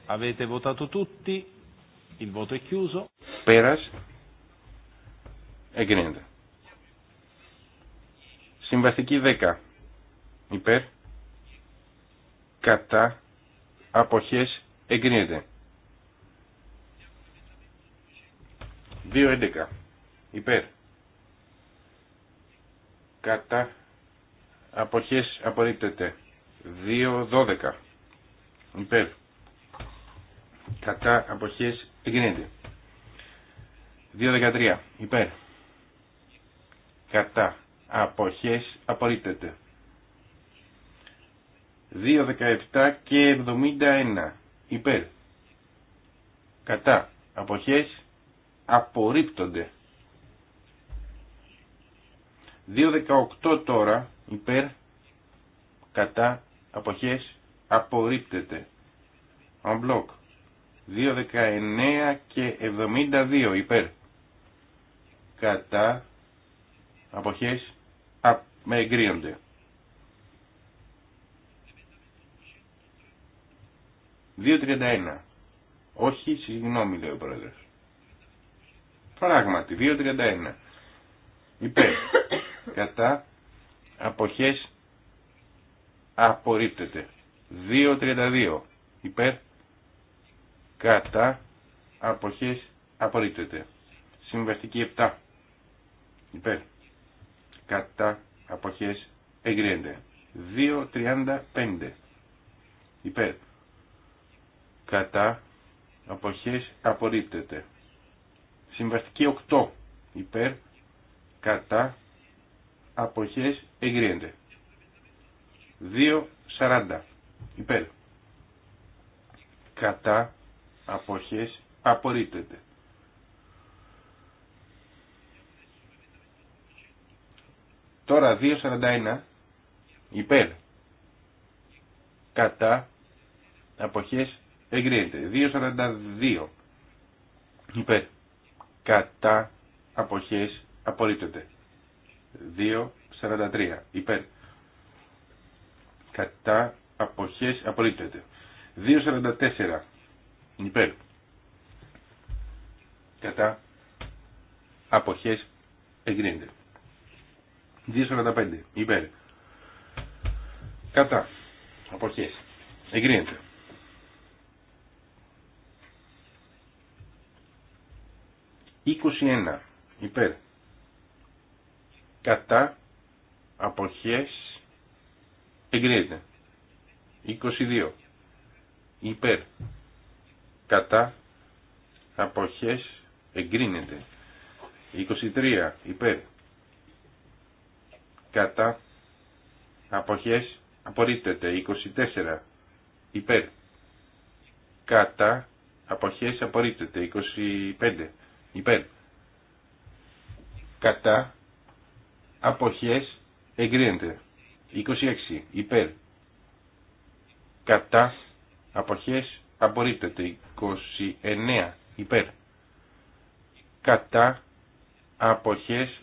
Avete votato tutti. Il voto è chiuso. Πέρας. Εγκρίνεται. Συμβαστική 10. Υπέρ. Κατά. Αποχές. Εγκρίνεται. 2.11. Υπέρ. Κατά. Αποχές απορρίπτεται. 2.12. Υπέρ κατά αποχές εγκρίνεται. 2.13 υπέρ κατά αποχές απορρίπτεται. 2.17 και 71 υπέρ κατά αποχές απορρίπτονται. 2.18 τώρα υπέρ κατά αποχές απορρίπτεται. Unblock. 2.19 και 72 υπέρ κατά αποχές α, με εγκρίνονται. 2.31 όχι συγγνώμη λέει ο πρόεδρος. Πράγματι 2.31 υπέρ κατά αποχές απορρίπτεται. 2.32 υπέρ κατά αποχές απορρίπτεται. Συμβαστική 7 υπέρ κατά αποχές εγκρίνεται. 2.35 υπέρ κατά αποχές απορρίπτεται. Συμβαστική 8 υπέρ κατά αποχές εγκρίνεται. 2.40 υπέρ κατά αποχές απορρίπτεται. Τώρα 2.41 υπέρ κατά αποχές εγκρίνεται. 2.42 υπέρ κατά αποχές απορρίπτεται. 2.43 υπέρ κατά αποχές απορρίπτεται. 2.44 Υπέρ. Κατά. Αποχές. Εγκρίνεται. 2.45. Υπέρ. Κατά. Αποχές. Εγκρίνεται. 21. Υπέρ. Κατά. Αποχές. Εγκρίνεται. 22. Υπέρ κατά αποχές εγκρίνεται 23 υπέρ κατά αποχές απορρίπτεται 24 υπέρ κατά αποχές απορρίπτεται 25 υπέρ κατά αποχές εγκρίνεται 26 υπέρ κατά αποχές απορρίπτεται 29 υπέρ κατά αποχές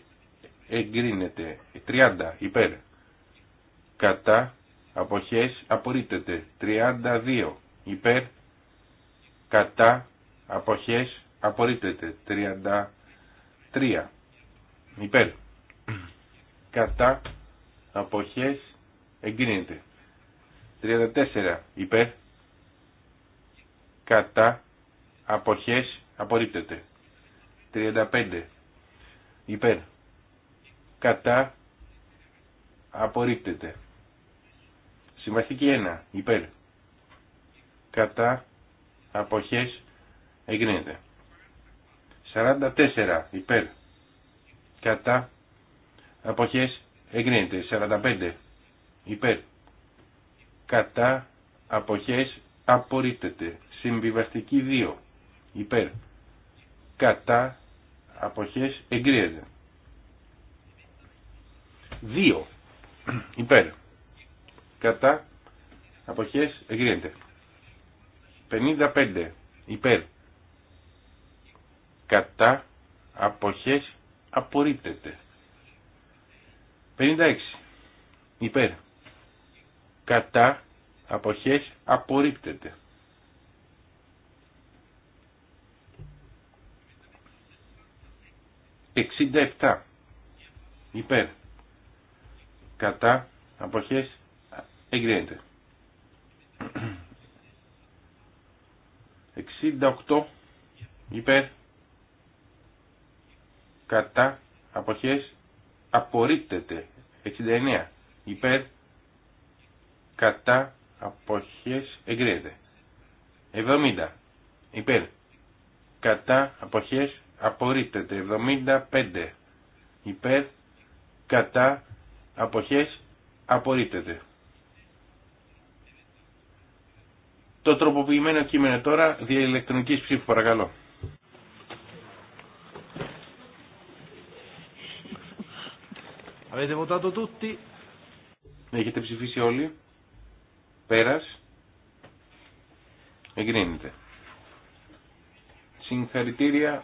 εγκρίνεται 30 υπέρ κατά αποχές απορρίπτεται 32 υπέρ κατά αποχές απορρίπτεται 33 υπέρ κατά αποχές εγκρίνεται 34 υπέρ κατά αποχές απορρίπτεται. 35 υπέρ κατά απορρίπτεται. Συμβαστική 1 υπέρ κατά αποχές εγκρίνεται. 44 υπέρ κατά αποχές εγκρίνεται. 45 υπέρ κατά αποχές απορρίπτεται. Συμβιβαστική 2 υπέρ κατά αποχές εγκρίνεται. 2 υπέρ κατά αποχές εγκρίνεται. 55 υπέρ κατά αποχές απορρίπτεται. 56 υπέρ κατά αποχές απορρίπτεται. 67 υπέρ κατά αποχές εγκρίνεται 68 υπέρ κατά αποχές απορρίπτεται 69 υπέρ κατά αποχές εγκρίνεται 70 υπέρ κατά αποχές απορρίπτεται 75 υπέρ κατά αποχές απορρίπτεται. Το τροποποιημένο κείμενο τώρα δια ηλεκτρονικής ψήφου παρακαλώ. Avete votato Έχετε ψηφίσει όλοι. Πέρας. Εγκρίνεται. Συγχαρητήρια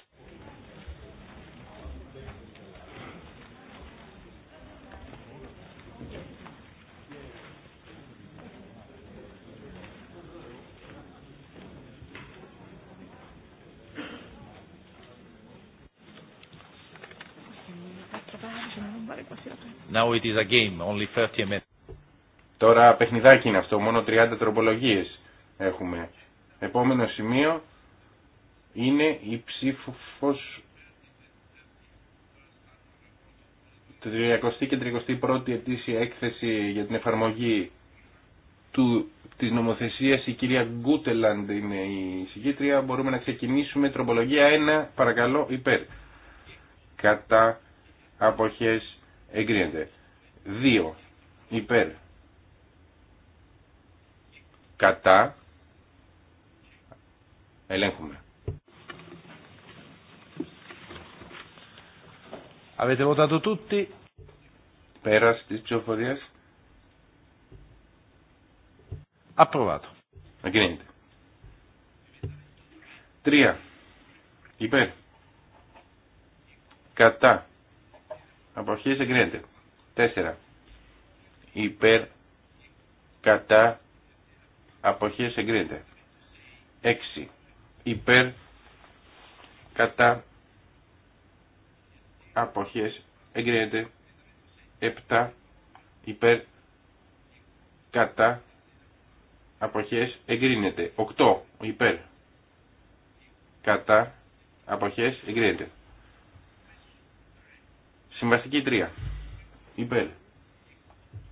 Now it is a game, only 30 minutes. Τώρα παιχνιδάκι είναι αυτό, μόνο 30 τροπολογίες έχουμε. Επόμενο σημείο είναι η ψήφος το 30 και 31η ετήσια έκθεση για την εφαρμογή του, της νομοθεσίας η κυρία Γκούτελαντ είναι η συγκήτρια μπορούμε να ξεκινήσουμε τροπολογία 1 παρακαλώ υπέρ κατά αποχές εγκρίνεται. 2 υπέρ κατά ελέγχουμε. Avete votato tutti? Πέρας της ψηφοφορίας. Approvato. Εγκρίνεται. 3. Iper. Catà. Αποχές εγκρίνεται. 4. Υπέρ κατά αποχές εγκρίνεται. 6. Υπέρ κατά αποχές εγκρίνεται. 7. Υπέρ κατά αποχές εγκρίνεται. 8. Υπέρ κατά αποχές εγκρίνεται. Συμβαστική 3. Υπέρ.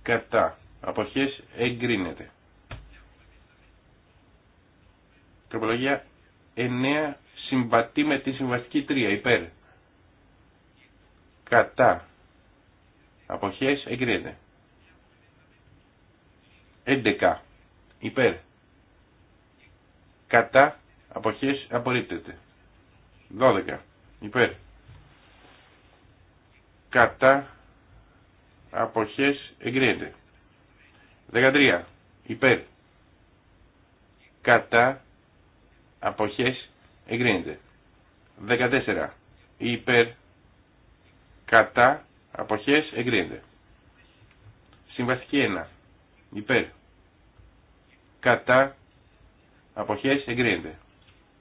Κατά. Αποχές εγκρίνεται. Τροπολογία 9 συμβατή με τη συμβαστική 3. Υπέρ. Κατά. Αποχές εγκρίνεται. 11. Υπέρ. Κατά. Αποχές απορρίπτεται. 12. Υπέρ κατά αποχές εγκρίνεται. 13. Υπέρ κατά αποχές εγκρίνεται. 14. Υπέρ κατά αποχές εγκρίνεται. Συμβαστική 1. Υπέρ κατά αποχές εγκρίνεται.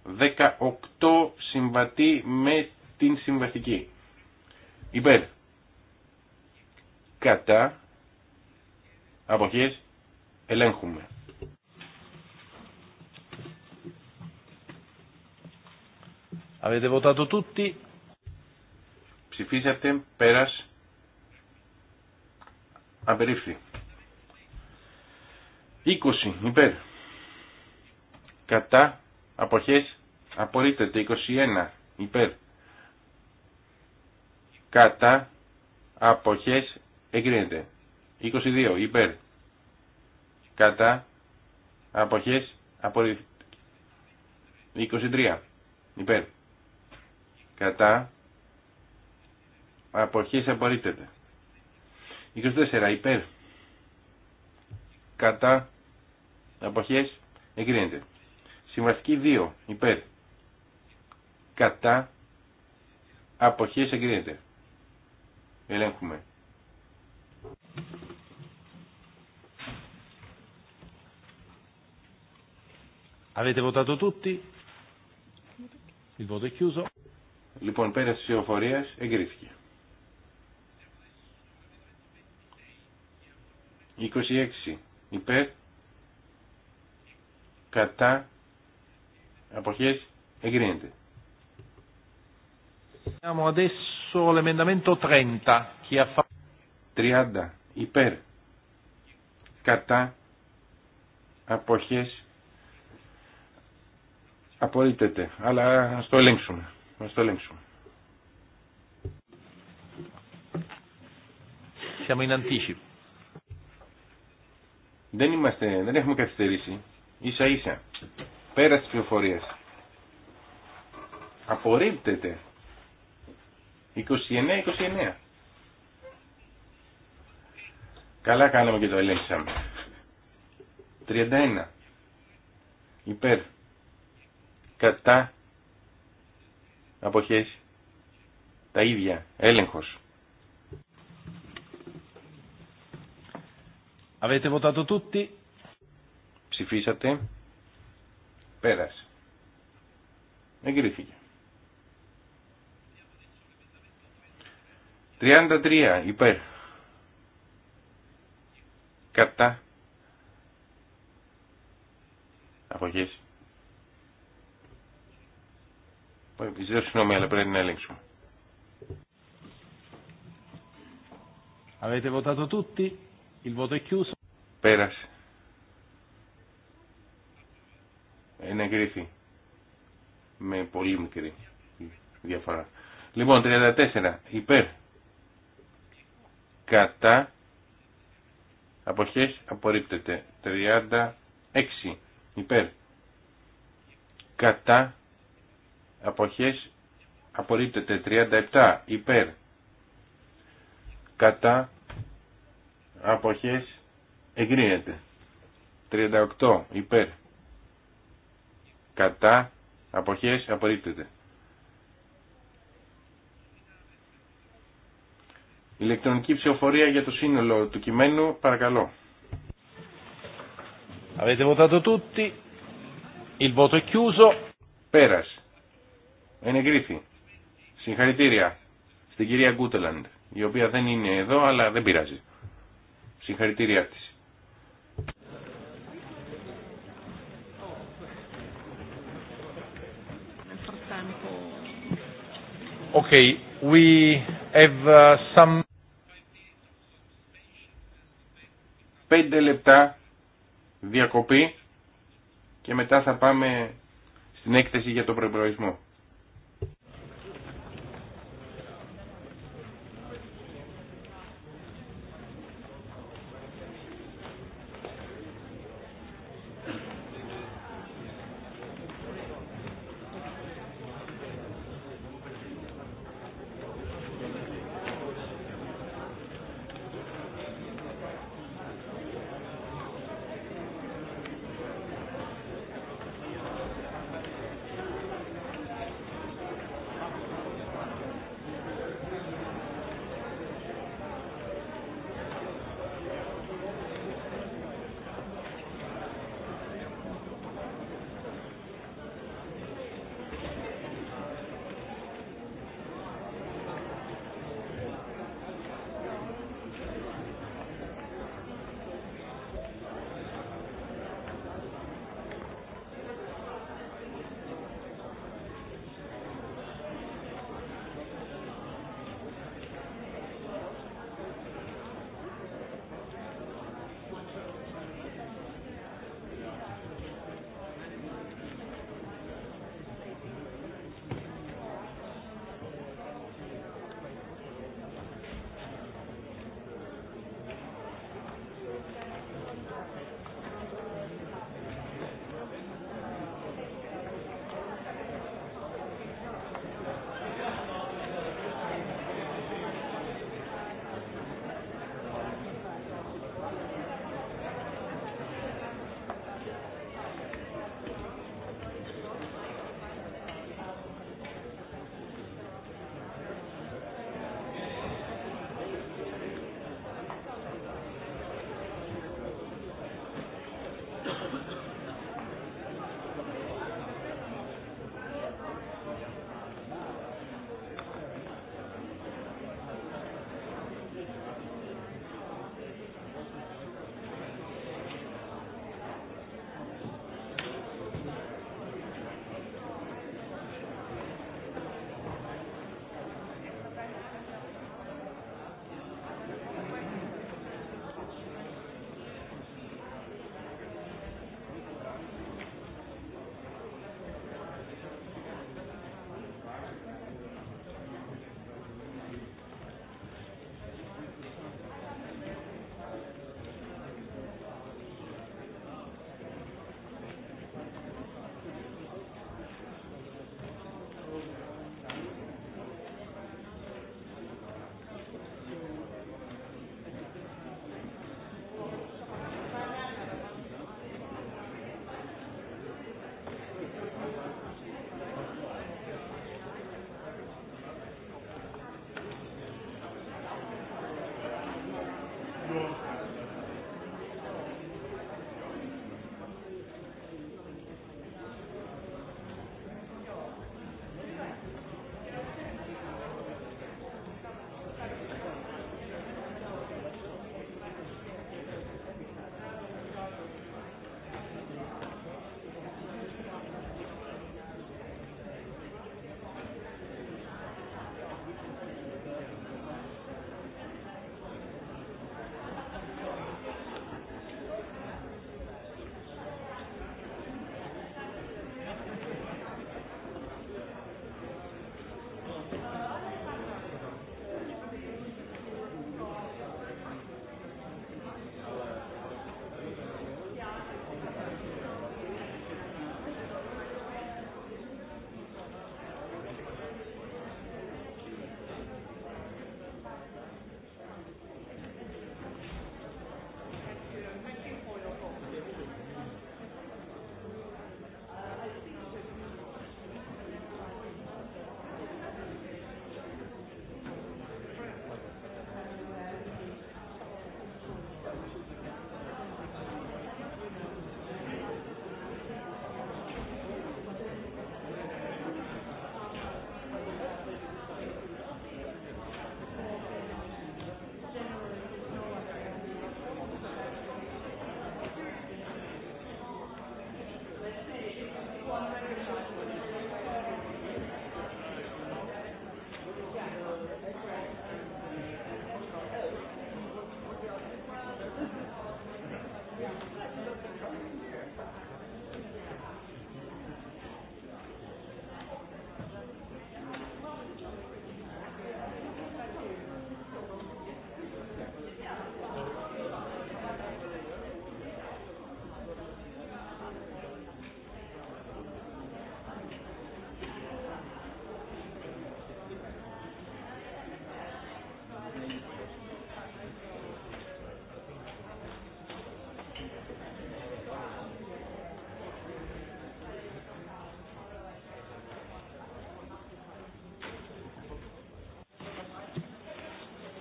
18 συμβατή με την συμβαστική. Υπέρ κατά αποχές ελέγχουμε. Avete votato tutti? Ψηφίσατε, πέρας, απερίφθη. 20 υπέρ, κατά, αποχές, απορρίπτεται. 21 υπέρ, κατά, αποχές, εγκρίνεται. 22 υπέρ κατά αποχές απορρίφθηκε. 23 υπέρ κατά αποχές απορρίπτεται. 24 υπέρ κατά αποχές εγκρίνεται. Συμβαστική 2 υπέρ κατά αποχές εγκρίνεται. Ελέγχουμε. Avete votato tutti? Il voto è chiuso. Λοιπόν, πέρα τη ψηφοφορία εγκρίθηκε. 26 υπέρ, κατά, αποχές, εγκρίνεται. Abbiamo adesso l'emendamento 30. Chi ha fatto? 30 υπέρ, κατά, αποχές, Απορρίπτεται, αλλά ας το ελέγξουμε. Ας το ελέγξουμε. Δεν είμαστε, δεν έχουμε καθυστερήσει. Ίσα ίσα. Πέρα τη πληροφορία. Απορρίπτεται. 29-29. Καλά κάναμε και το ελέγξαμε. 31. Υπέρ κατά αποχές τα ίδια έλεγχος Avete votato tutti? Ψηφίσατε. Πέρασε. Εγκρίθηκε. 33 υπέρ. Κατά. Αποχές. Ζητώ συγγνώμη, αλλά πρέπει να ελέγξουμε. Avete votato tutti? Il voto è chiuso. Πέρασε. Ενεγκρίθη. Με πολύ μικρή διαφορά. Λοιπόν, 34. Υπέρ. Κατά. Αποχές απορρίπτεται. 36. Υπέρ. Κατά αποχές απορρίπτεται 37 υπέρ κατά αποχές εγκρίνεται 38 υπέρ κατά αποχές απορρίπτεται ηλεκτρονική ψηφοφορία για το σύνολο του κειμένου παρακαλώ Avete votato tutti, il voto è chiuso. Peras ενεγκρίθη. Συγχαρητήρια στην κυρία Γκούτελαντ, η οποία δεν είναι εδώ, αλλά δεν πειράζει. Συγχαρητήρια της. Okay, we have uh, some... Πέντε λεπτά διακοπή και μετά θα πάμε στην έκθεση για τον προπολογισμό.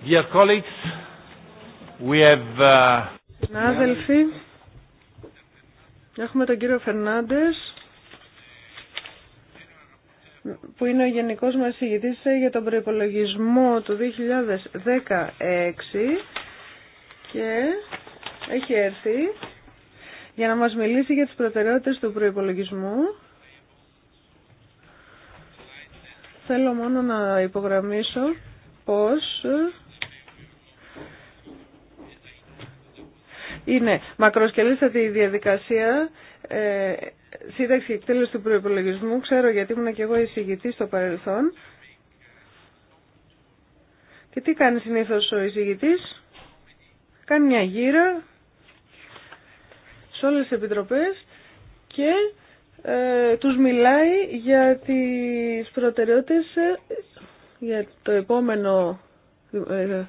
Dear colleagues, uh, Συνάδελφοι, έχουμε τον κύριο Φερνάντες, που είναι ο γενικός μας ηγητής για τον προϋπολογισμό του 2016 και έχει έρθει για να μας μιλήσει για τις προτεραιότητες του προϋπολογισμού. Θέλω μόνο να υπογραμμίσω πως είναι μακροσκελέστατη η διαδικασία ε, σύνταξη εκτέλεση του προπολογισμού. Ξέρω γιατί ήμουν και εγώ εισηγητή στο παρελθόν. Και τι κάνει συνήθω ο εισηγητή, Κάνει μια γύρα σε όλε τι επιτροπές και ε, τους μιλάει για τις προτεραιότητες ε, για το επόμενο ε,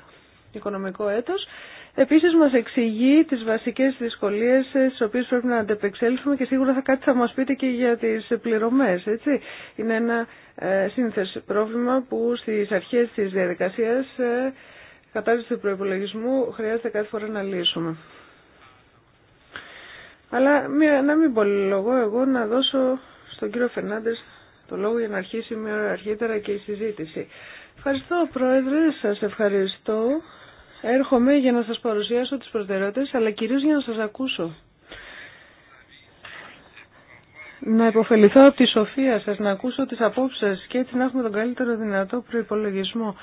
οικονομικό έτος Επίσης μας εξηγεί τις βασικές δυσκολίες στις οποίες πρέπει να αντεπεξέλθουμε και σίγουρα θα κάτι θα μας πείτε και για τις πληρωμές, έτσι. Είναι ένα ε, σύνθεση πρόβλημα που στις αρχές της διαδικασίας ε, κατάρτιση του προϋπολογισμού χρειάζεται κάθε φορά να λύσουμε. Αλλά να μην πολυλογώ εγώ να δώσω στον κύριο Φερνάντες το λόγο για να αρχίσει μια ώρα αρχίτερα και η συζήτηση. Ευχαριστώ Πρόεδρε, σας ευχαριστώ Έρχομαι για να σας παρουσιάσω τις προτεραιότητες, αλλά κυρίως για να σας ακούσω. Να υποφεληθώ από τη σοφία σας, να ακούσω τις απόψεις σας και έτσι να έχουμε τον καλύτερο δυνατό προϋπολογισμό.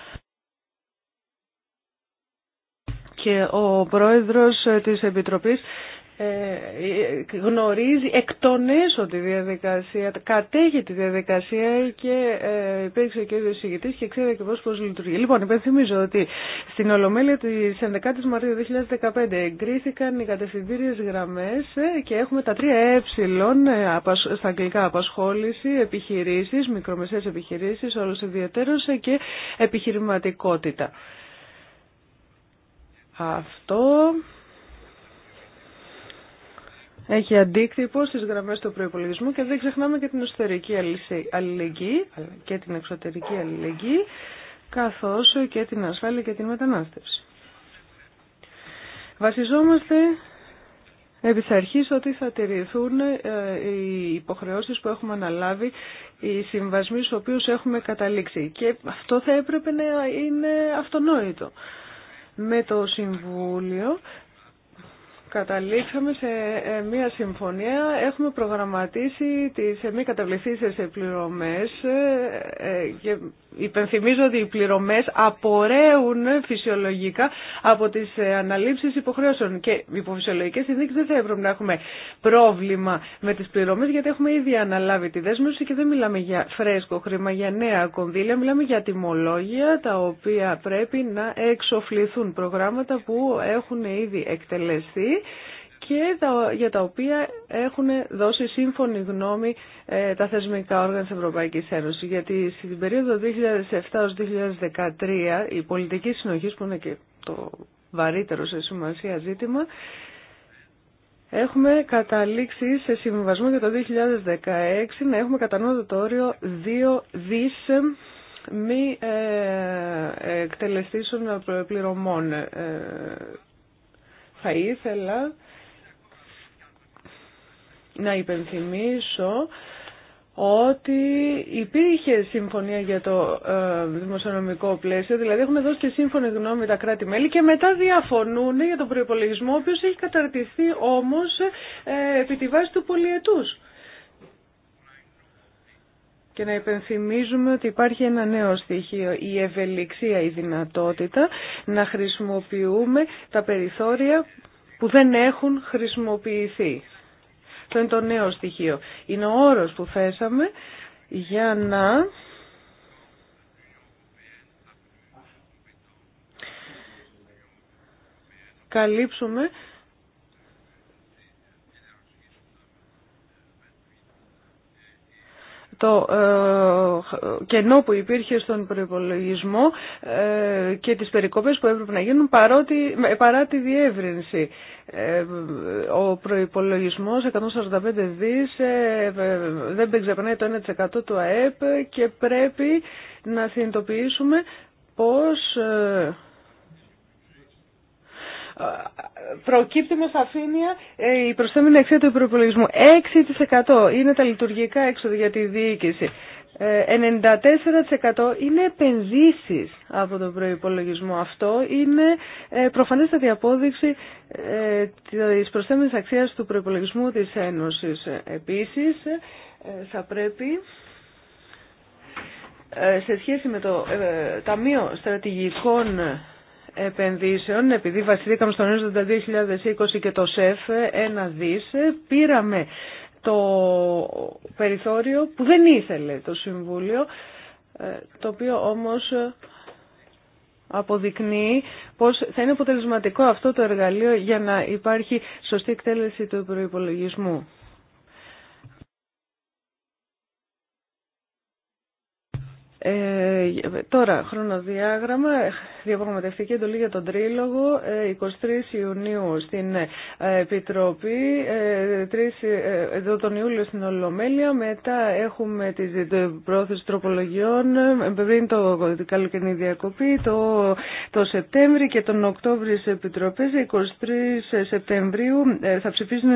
Και ο πρόεδρος της Επιτροπής ε, γνωρίζει εκ των έσω τη διαδικασία, κατέχει τη διαδικασία και ε, υπήρξε και ο ίδιος ηγητής και ξέρει ακριβώ πώς λειτουργεί. Λοιπόν, υπενθυμίζω ότι στην Ολομέλεια της 11ης Μαρτίου 2015 εγκρίθηκαν οι κατευθυντήριες γραμμές ε, και έχουμε τα τρία ε στα αγγλικά απασχόληση, επιχειρήσεις, μικρομεσαίες επιχειρήσεις, όλος ιδιαίτερος και επιχειρηματικότητα. Αυτό έχει αντίκτυπο στις γραμμές του προϋπολογισμού και δεν ξεχνάμε και την εσωτερική αλληλεγγύη και την εξωτερική αλληλεγγύη καθώς και την ασφάλεια και την μετανάστευση. Βασιζόμαστε επί αρχή ότι θα τηρηθούν ε, οι υποχρεώσεις που έχουμε αναλάβει, οι συμβασμοί στους οποίους έχουμε καταλήξει και αυτό θα έπρεπε να είναι αυτονόητο. Με το Συμβούλιο Καταλήξαμε σε ε, μία συμφωνία. Έχουμε προγραμματίσει τις ε, μη καταβληθήσεις ε, πληρωμές και υπενθυμίζω ότι οι πληρωμές απορρέουν φυσιολογικά από τις αναλήψεις υποχρεώσεων και υπό φυσιολογικέ συνθήκες δεν θα έπρεπε να έχουμε πρόβλημα με τις πληρωμές γιατί έχουμε ήδη αναλάβει τη δέσμευση και δεν μιλάμε για φρέσκο χρήμα, για νέα κονδύλια, μιλάμε για τιμολόγια τα οποία πρέπει να εξοφληθούν προγράμματα που έχουν ήδη εκτελεστεί και για τα οποία έχουν δώσει σύμφωνη γνώμη ε, τα θεσμικά όργανα της Ευρωπαϊκής Ένωσης. Γιατί στην περίοδο 2007-2013 η πολιτική συνοχή, που είναι και το βαρύτερο σε σημασία ζήτημα Έχουμε καταλήξει σε συμβιβασμό για το 2016 να έχουμε κατά το όριο 2 δις ε, μη ε, εκτελεστήσεων πληρωμών. Θα ήθελα να υπενθυμίσω ότι υπήρχε συμφωνία για το ε, δημοσιονομικό πλαίσιο, δηλαδή έχουμε δώσει τη σύμφωνη γνώμη τα κράτη-μέλη και μετά διαφωνούν για τον προπολογισμό, ο οποίος έχει καταρτηθεί όμως ε, επί τη βάση του πολιετούς και να υπενθυμίζουμε ότι υπάρχει ένα νέο στοιχείο, η ευελιξία, η δυνατότητα να χρησιμοποιούμε τα περιθώρια που δεν έχουν χρησιμοποιηθεί. Αυτό είναι το νέο στοιχείο. Είναι ο όρος που θέσαμε για να καλύψουμε το ε, κενό που υπήρχε στον προϋπολογισμό ε, και τις περικοπές που έπρεπε να γίνουν παρότι, παρά τη διεύρυνση. Ε, ο προϋπολογισμός 145 δις δεν ξεπερνάει το 1% του ΑΕΠ και πρέπει να συνειδητοποιήσουμε πώς προκύπτει με σαφήνεια ε, η προσθέμενη αξία του προπολογισμού. 6% είναι τα λειτουργικά έξοδα για τη διοίκηση. 94% ε, είναι επενδύσεις από τον προϋπολογισμό. Αυτό είναι ε, προφανέστατη απόδειξη της προσθέμενης αξίας του προϋπολογισμού της Ένωσης. Επίσης, θα πρέπει σε σχέση με το Ταμείο Στρατηγικών επενδύσεων, επειδή βασιλήκαμε στον Ένωση 2020 και το ΣΕΦ, ένα δις, πήραμε το περιθώριο που δεν ήθελε το Συμβούλιο, ε, το οποίο όμως αποδεικνύει πως θα είναι αποτελεσματικό αυτό το εργαλείο για να υπάρχει σωστή εκτέλεση του προϋπολογισμού. Ε, τώρα, χρονοδιάγραμμα διαπραγματευτική εντολή για τον Τρίλογο 23 ε, Ιουνίου στην ε, Επιτροπή, 3, ε, εδώ τον Ιούλιο στην Ολομέλεια. Μετά έχουμε τις πρόθεση τροπολογιών πριν το καλοκαιρινή διακοπή, το, το Σεπτέμβρη και τον Οκτώβριο σε Επιτροπές. 23 Σεπτεμβρίου θα ψηφίσουν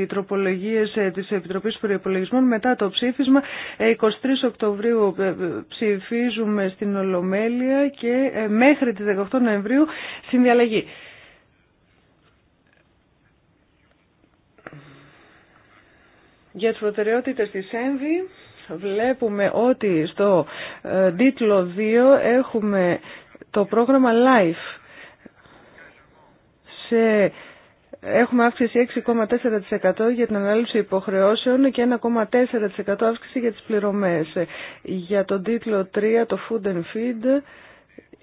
οι τροπολογίες τη Επιτροπή Προϋπολογισμών. Μετά το ψήφισμα 23 Οκτωβρίου ψηφίζουμε στην Ολομέλεια και μέχρι τις 18 Νοεμβρίου συνδιαλλαγή. Για τις προτεραιότητες της ΕΜΒΗ βλέπουμε ότι στο ε, τίτλο 2 έχουμε το πρόγραμμα LIFE. Σε... Έχουμε αύξηση 6,4% για την ανάλυση υποχρεώσεων και 1,4% αύξηση για τις πληρωμές. Για τον τίτλο 3, το Food and Feed,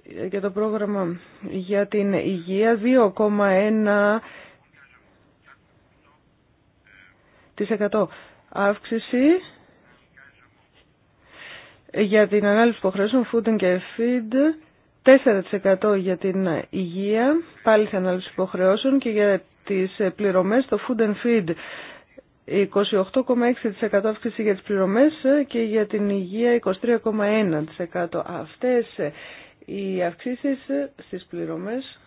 για το πρόγραμμα για την υγεία 2,1% αύξηση για την ανάλυση υποχρεώσεων food and feed 4% για την υγεία, πάλι θα ανάλυση υποχρεώσεων και για τις πληρωμές το food and feed 28,6% αύξηση για τις πληρωμές και για την υγεία 23,1%. Αυτές οι αυξήσεις στις πληρωμές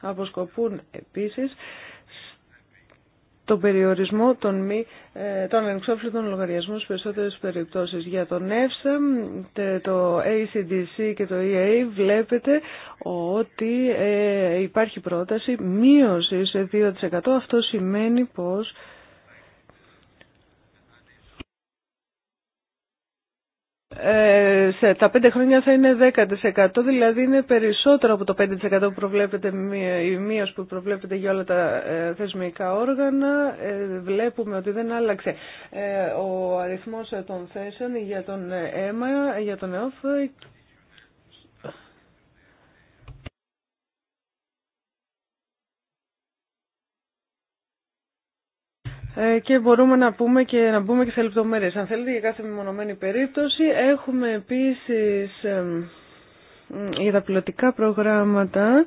αποσκοπούν επίσης τον περιορισμό των, μη, ε, των ανεξόφλητων λογαριασμών στις περισσότερες περιπτώσεις. Για τον ΕΦΣΑ, το ACDC και το EA βλέπετε ότι ε, υπάρχει πρόταση μείωσης 2%. Αυτό σημαίνει πως Ε, σε τα πέντε χρόνια θα είναι 10%, δηλαδή είναι περισσότερο από το 5% που προβλέπεται, η μείωση που προβλέπεται για όλα τα ε, θεσμικά όργανα. Ε, βλέπουμε ότι δεν άλλαξε ο αριθμός των θέσεων για τον ΕΜΑ, για τον ΕΟΦ Ε, και μπορούμε να πούμε και να μπούμε και σε λεπτομέρειες. Αν θέλετε για κάθε μεμονωμένη περίπτωση έχουμε επίσης για τα πιλωτικά προγράμματα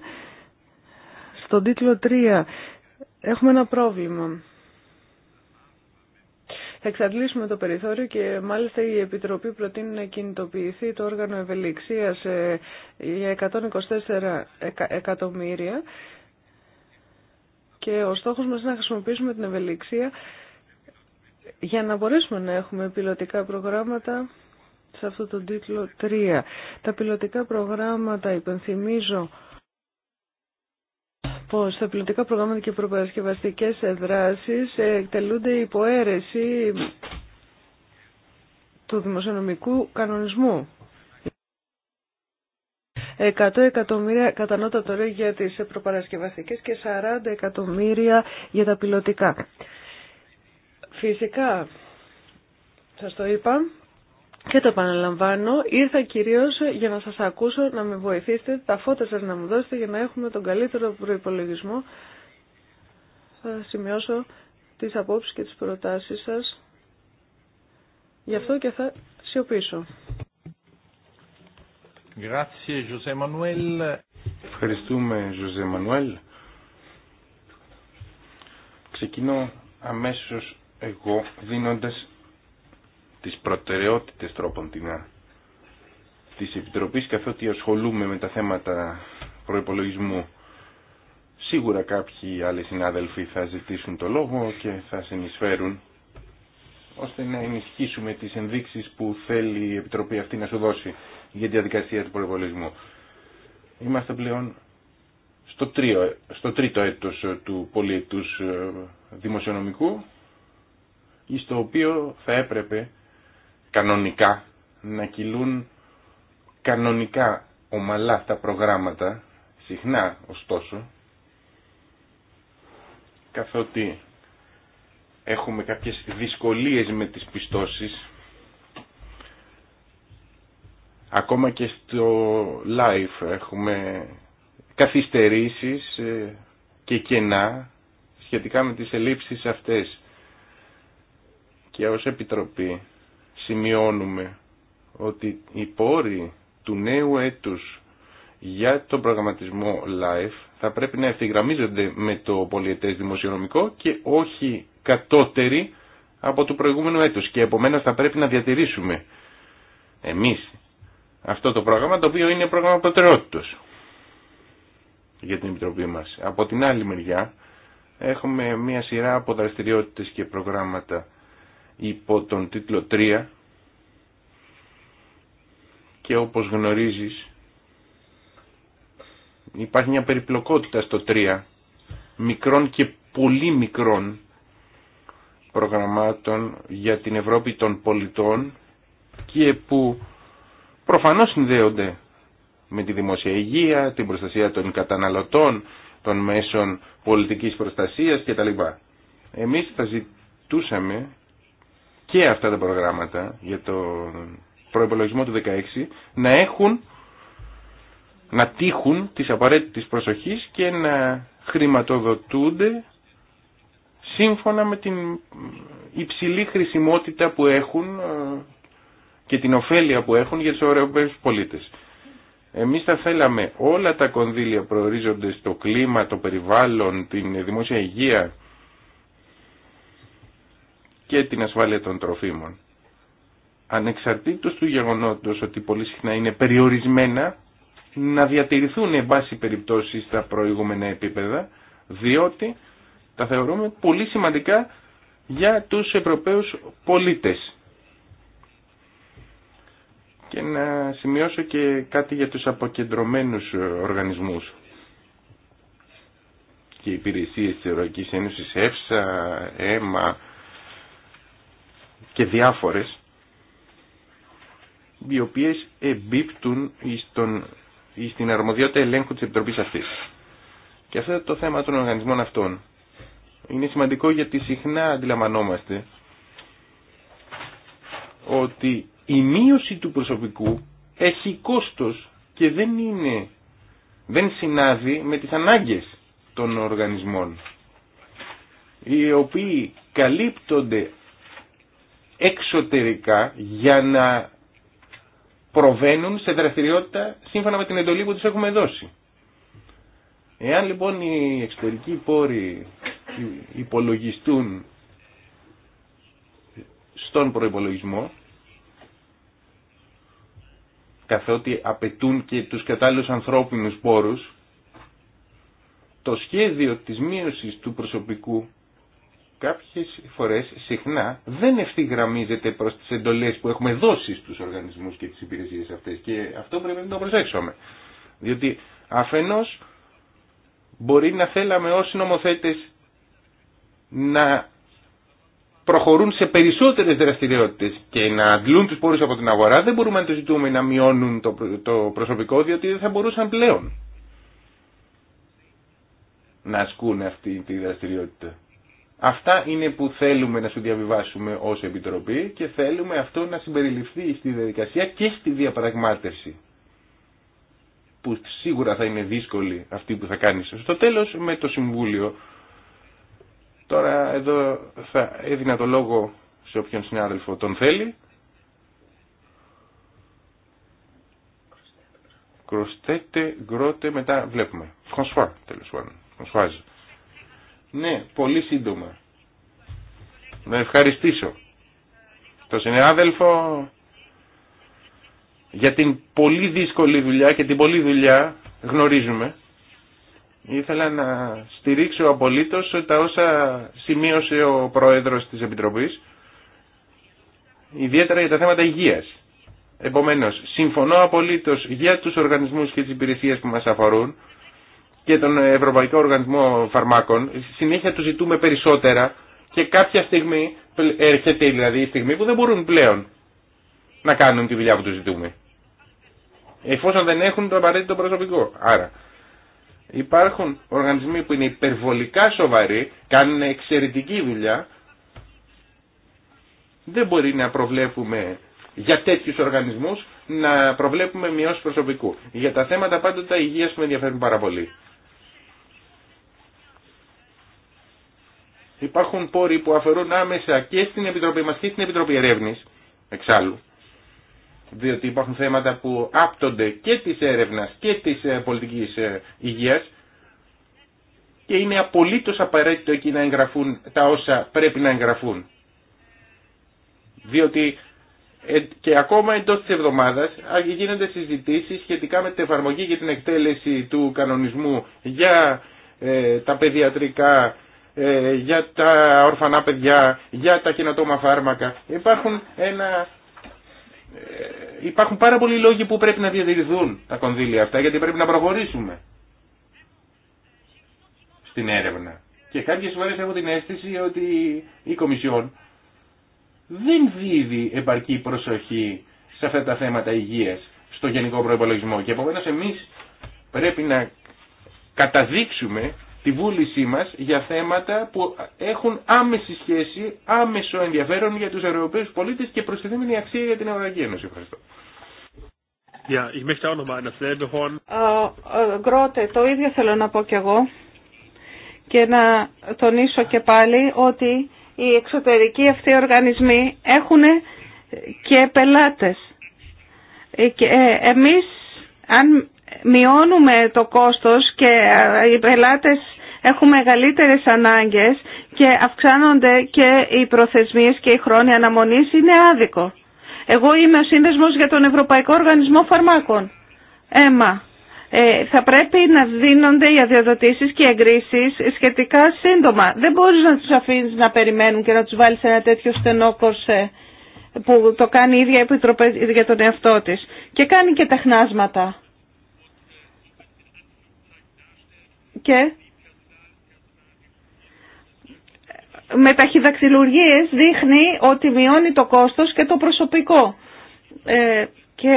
στον τίτλο 3 έχουμε ένα πρόβλημα. Θα εξαντλήσουμε το περιθώριο και μάλιστα η Επιτροπή προτείνει να κινητοποιηθεί το όργανο ευελιξίας ε, για 124 εκατομμύρια και ο στόχος μας είναι να χρησιμοποιήσουμε την ευελιξία για να μπορέσουμε να έχουμε πιλωτικά προγράμματα σε αυτό το τίτλο 3. Τα πιλωτικά προγράμματα, υπενθυμίζω, πως τα πιλωτικά προγράμματα και προπαρασκευαστικές δράσεις ε, εκτελούνται υπό του δημοσιονομικού κανονισμού 100 εκατομμύρια κατανότατο ρε για τις προπαρασκευαστικές και 40 εκατομμύρια για τα πιλωτικά. Φυσικά, σας το είπα, και το επαναλαμβάνω, ήρθα κυρίως για να σας ακούσω, να με βοηθήσετε, τα φώτα σας να μου δώσετε για να έχουμε τον καλύτερο προϋπολογισμό. Θα σημειώσω τις απόψεις και τις προτάσεις σας. Γι' αυτό και θα σιωπήσω. Ευχαριστούμε, Ζωζέ Μανουέλ. Ξεκινώ αμέσως εγώ δίνοντας τις προτεραιότητες τρόπον την της Επιτροπής καθότι ασχολούμαι με τα θέματα προϋπολογισμού. Σίγουρα κάποιοι άλλοι συνάδελφοι θα ζητήσουν το λόγο και θα συνεισφέρουν ώστε να ενισχύσουμε τις ενδείξεις που θέλει η Επιτροπή αυτή να σου δώσει για τη διαδικασία του προπολογισμού. Είμαστε πλέον στο, στο τρίτο έτος ε, του πολίτους ε, δημοσιονομικού στο οποίο θα έπρεπε κανονικά να κυλούν κανονικά ομαλά τα προγράμματα συχνά ωστόσο καθότι έχουμε κάποιες δυσκολίες με τις πιστώσεις Ακόμα και στο live έχουμε καθυστερήσεις ε, και κενά σχετικά με τις ελλείψεις αυτές. Και ως Επιτροπή σημειώνουμε ότι οι πόροι του νέου έτους για τον προγραμματισμό live θα πρέπει να ευθυγραμμίζονται με το πολιετές δημοσιονομικό και όχι κατώτεροι από το προηγούμενο έτος και επομένως θα πρέπει να διατηρήσουμε εμείς αυτό το πρόγραμμα, το οποίο είναι πρόγραμμα προτεραιότητος για την Επιτροπή μας. Από την άλλη μεριά έχουμε μια σειρά από δραστηριότητες και προγράμματα υπό τον τίτλο 3 και όπως γνωρίζεις υπάρχει μια περιπλοκότητα στο 3 μικρών και πολύ μικρών προγραμμάτων για την Ευρώπη των πολιτών και που προφανώς συνδέονται με τη δημόσια υγεία, την προστασία των καταναλωτών, των μέσων πολιτικής προστασίας κτλ. Εμείς θα ζητούσαμε και αυτά τα προγράμματα για το προϋπολογισμό του 2016 να έχουν, να τύχουν της απαραίτητης προσοχής και να χρηματοδοτούνται σύμφωνα με την υψηλή χρησιμότητα που έχουν ε, και την ωφέλεια που έχουν για τους Ευρωπαίους πολίτες. Εμείς θα θέλαμε όλα τα κονδύλια προορίζονται στο κλίμα, το περιβάλλον, την δημόσια υγεία και την ασφάλεια των τροφίμων. Ανεξαρτήτως του γεγονότος ότι πολύ συχνά είναι περιορισμένα να διατηρηθούν εν πάση περιπτώσει στα προηγούμενα επίπεδα διότι τα θεωρούμε πολύ σημαντικά για τους Ευρωπαίους πολίτες και να σημειώσω και κάτι για τους αποκεντρωμένους οργανισμούς και υπηρεσίες της Ευρωπαϊκής Ένωσης, ΕΦΣΑ, ΕΜΑ και διάφορες, οι οποίες εμπίπτουν στην αρμοδιότητα ελέγχου της Επιτροπής αυτής. Και αυτό το θέμα των οργανισμών αυτών είναι σημαντικό γιατί συχνά αντιλαμβανόμαστε ότι η μείωση του προσωπικού έχει κόστος και δεν είναι δεν συνάδει με τις ανάγκες των οργανισμών οι οποίοι καλύπτονται εξωτερικά για να προβαίνουν σε δραστηριότητα σύμφωνα με την εντολή που τους έχουμε δώσει. Εάν λοιπόν οι εξωτερικοί πόροι υπολογιστούν στον προϋπολογισμό καθότι απαιτούν και τους κατάλληλους ανθρώπινους πόρους, το σχέδιο της μείωσης του προσωπικού κάποιες φορές συχνά δεν ευθυγραμμίζεται προς τις εντολές που έχουμε δώσει στους οργανισμούς και τις υπηρεσίες αυτές και αυτό πρέπει να το προσέξουμε. Διότι αφενός μπορεί να θέλαμε όσοι νομοθέτες να προχωρούν σε περισσότερες δραστηριότητες και να αντλούν τους πόρους από την αγορά δεν μπορούμε να το ζητούμε να μειώνουν το, το προσωπικό διότι δεν θα μπορούσαν πλέον να ασκούν αυτή τη δραστηριότητα. Αυτά είναι που θέλουμε να σου διαβιβάσουμε ως Επιτροπή και θέλουμε αυτό να συμπεριληφθεί στη διαδικασία και στη διαπραγμάτευση που σίγουρα θα είναι δύσκολη αυτή που θα κάνεις στο τέλος με το Συμβούλιο Τώρα εδώ θα έδινα το λόγο σε όποιον συνάδελφο τον θέλει. Κροστέτε, γκρότε, μετά βλέπουμε. Φρονσουά, τέλος πάντων. Ναι, πολύ σύντομα. Να ευχαριστήσω το συνάδελφο για την πολύ δύσκολη δουλειά και την πολύ δουλειά γνωρίζουμε Ήθελα να στηρίξω απολύτως τα όσα σημείωσε ο Πρόεδρος της Επιτροπής, ιδιαίτερα για τα θέματα υγείας. Επομένως, συμφωνώ απολύτως για τους οργανισμούς και τις υπηρεσίες που μας αφορούν και τον Ευρωπαϊκό Οργανισμό Φαρμάκων. Συνέχεια του ζητούμε περισσότερα και κάποια στιγμή έρχεται δηλαδή η στιγμή που δεν μπορούν πλέον να κάνουν τη δουλειά που τους ζητούμε. Εφόσον δεν έχουν το απαραίτητο προσωπικό. Άρα, Υπάρχουν οργανισμοί που είναι υπερβολικά σοβαροί, κάνουν εξαιρετική δουλειά. Δεν μπορεί να προβλέπουμε για τέτοιους οργανισμούς να προβλέπουμε μειώσεις προσωπικού. Για τα θέματα πάντοτε υγείας που με ενδιαφέρουν πάρα πολύ. Υπάρχουν πόροι που αφαιρούν άμεσα και στην Επιτροπή μας και στην Επιτροπή Ερεύνης, εξάλλου διότι υπάρχουν θέματα που άπτονται και της έρευνας και της ε, πολιτικής ε, υγείας και είναι απολύτως απαραίτητο εκεί να εγγραφούν τα όσα πρέπει να εγγραφούν. Διότι ε, και ακόμα εντός της εβδομάδας γίνονται συζητήσεις σχετικά με την εφαρμογή και την εκτέλεση του κανονισμού για τα παιδιατρικά, για τα ορφανά παιδιά, για τα κοινοτόμα φάρμακα. Υπάρχουν ένα ε, υπάρχουν πάρα πολλοί λόγοι που πρέπει να διατηρηθούν τα κονδύλια αυτά γιατί πρέπει να προχωρήσουμε στην έρευνα. Και κάποιες φορές έχω την αίσθηση ότι η Κομισιόν δεν δίδει επαρκή προσοχή σε αυτά τα θέματα υγείας στο γενικό προϋπολογισμό και επομένως εμείς πρέπει να καταδείξουμε τη βούλησή μας για θέματα που έχουν άμεση σχέση, άμεσο ενδιαφέρον για τους Ευρωπαίους πολίτες και μια αξία για την Ευρωπαϊκή Ένωση. Ευχαριστώ. ich möchte auch noch mal ε, Γκρότε, το ίδιο θέλω να πω κι εγώ και να τονίσω και πάλι ότι οι εξωτερικοί αυτοί οργανισμοί έχουν και πελάτες. Ε, ε, εμείς αν μειώνουμε το κόστος και ε, οι πελάτες έχουν μεγαλύτερες ανάγκες και αυξάνονται και οι προθεσμίες και οι χρόνοι αναμονής είναι άδικο. Εγώ είμαι ο σύνδεσμος για τον Ευρωπαϊκό Οργανισμό Φαρμάκων. Έμα. Ε, θα πρέπει να δίνονται οι αδειοδοτήσει και οι εγκρίσει σχετικά σύντομα. Δεν μπορεί να τους αφήνει να περιμένουν και να τους βάλει ένα τέτοιο στενό κορσέ που το κάνει η ίδια η Επιτροπή για τον εαυτό τη. Και κάνει και τεχνάσματα. και με ταχυδαξιλουργίες δείχνει ότι μειώνει το κόστος και το προσωπικό ε, και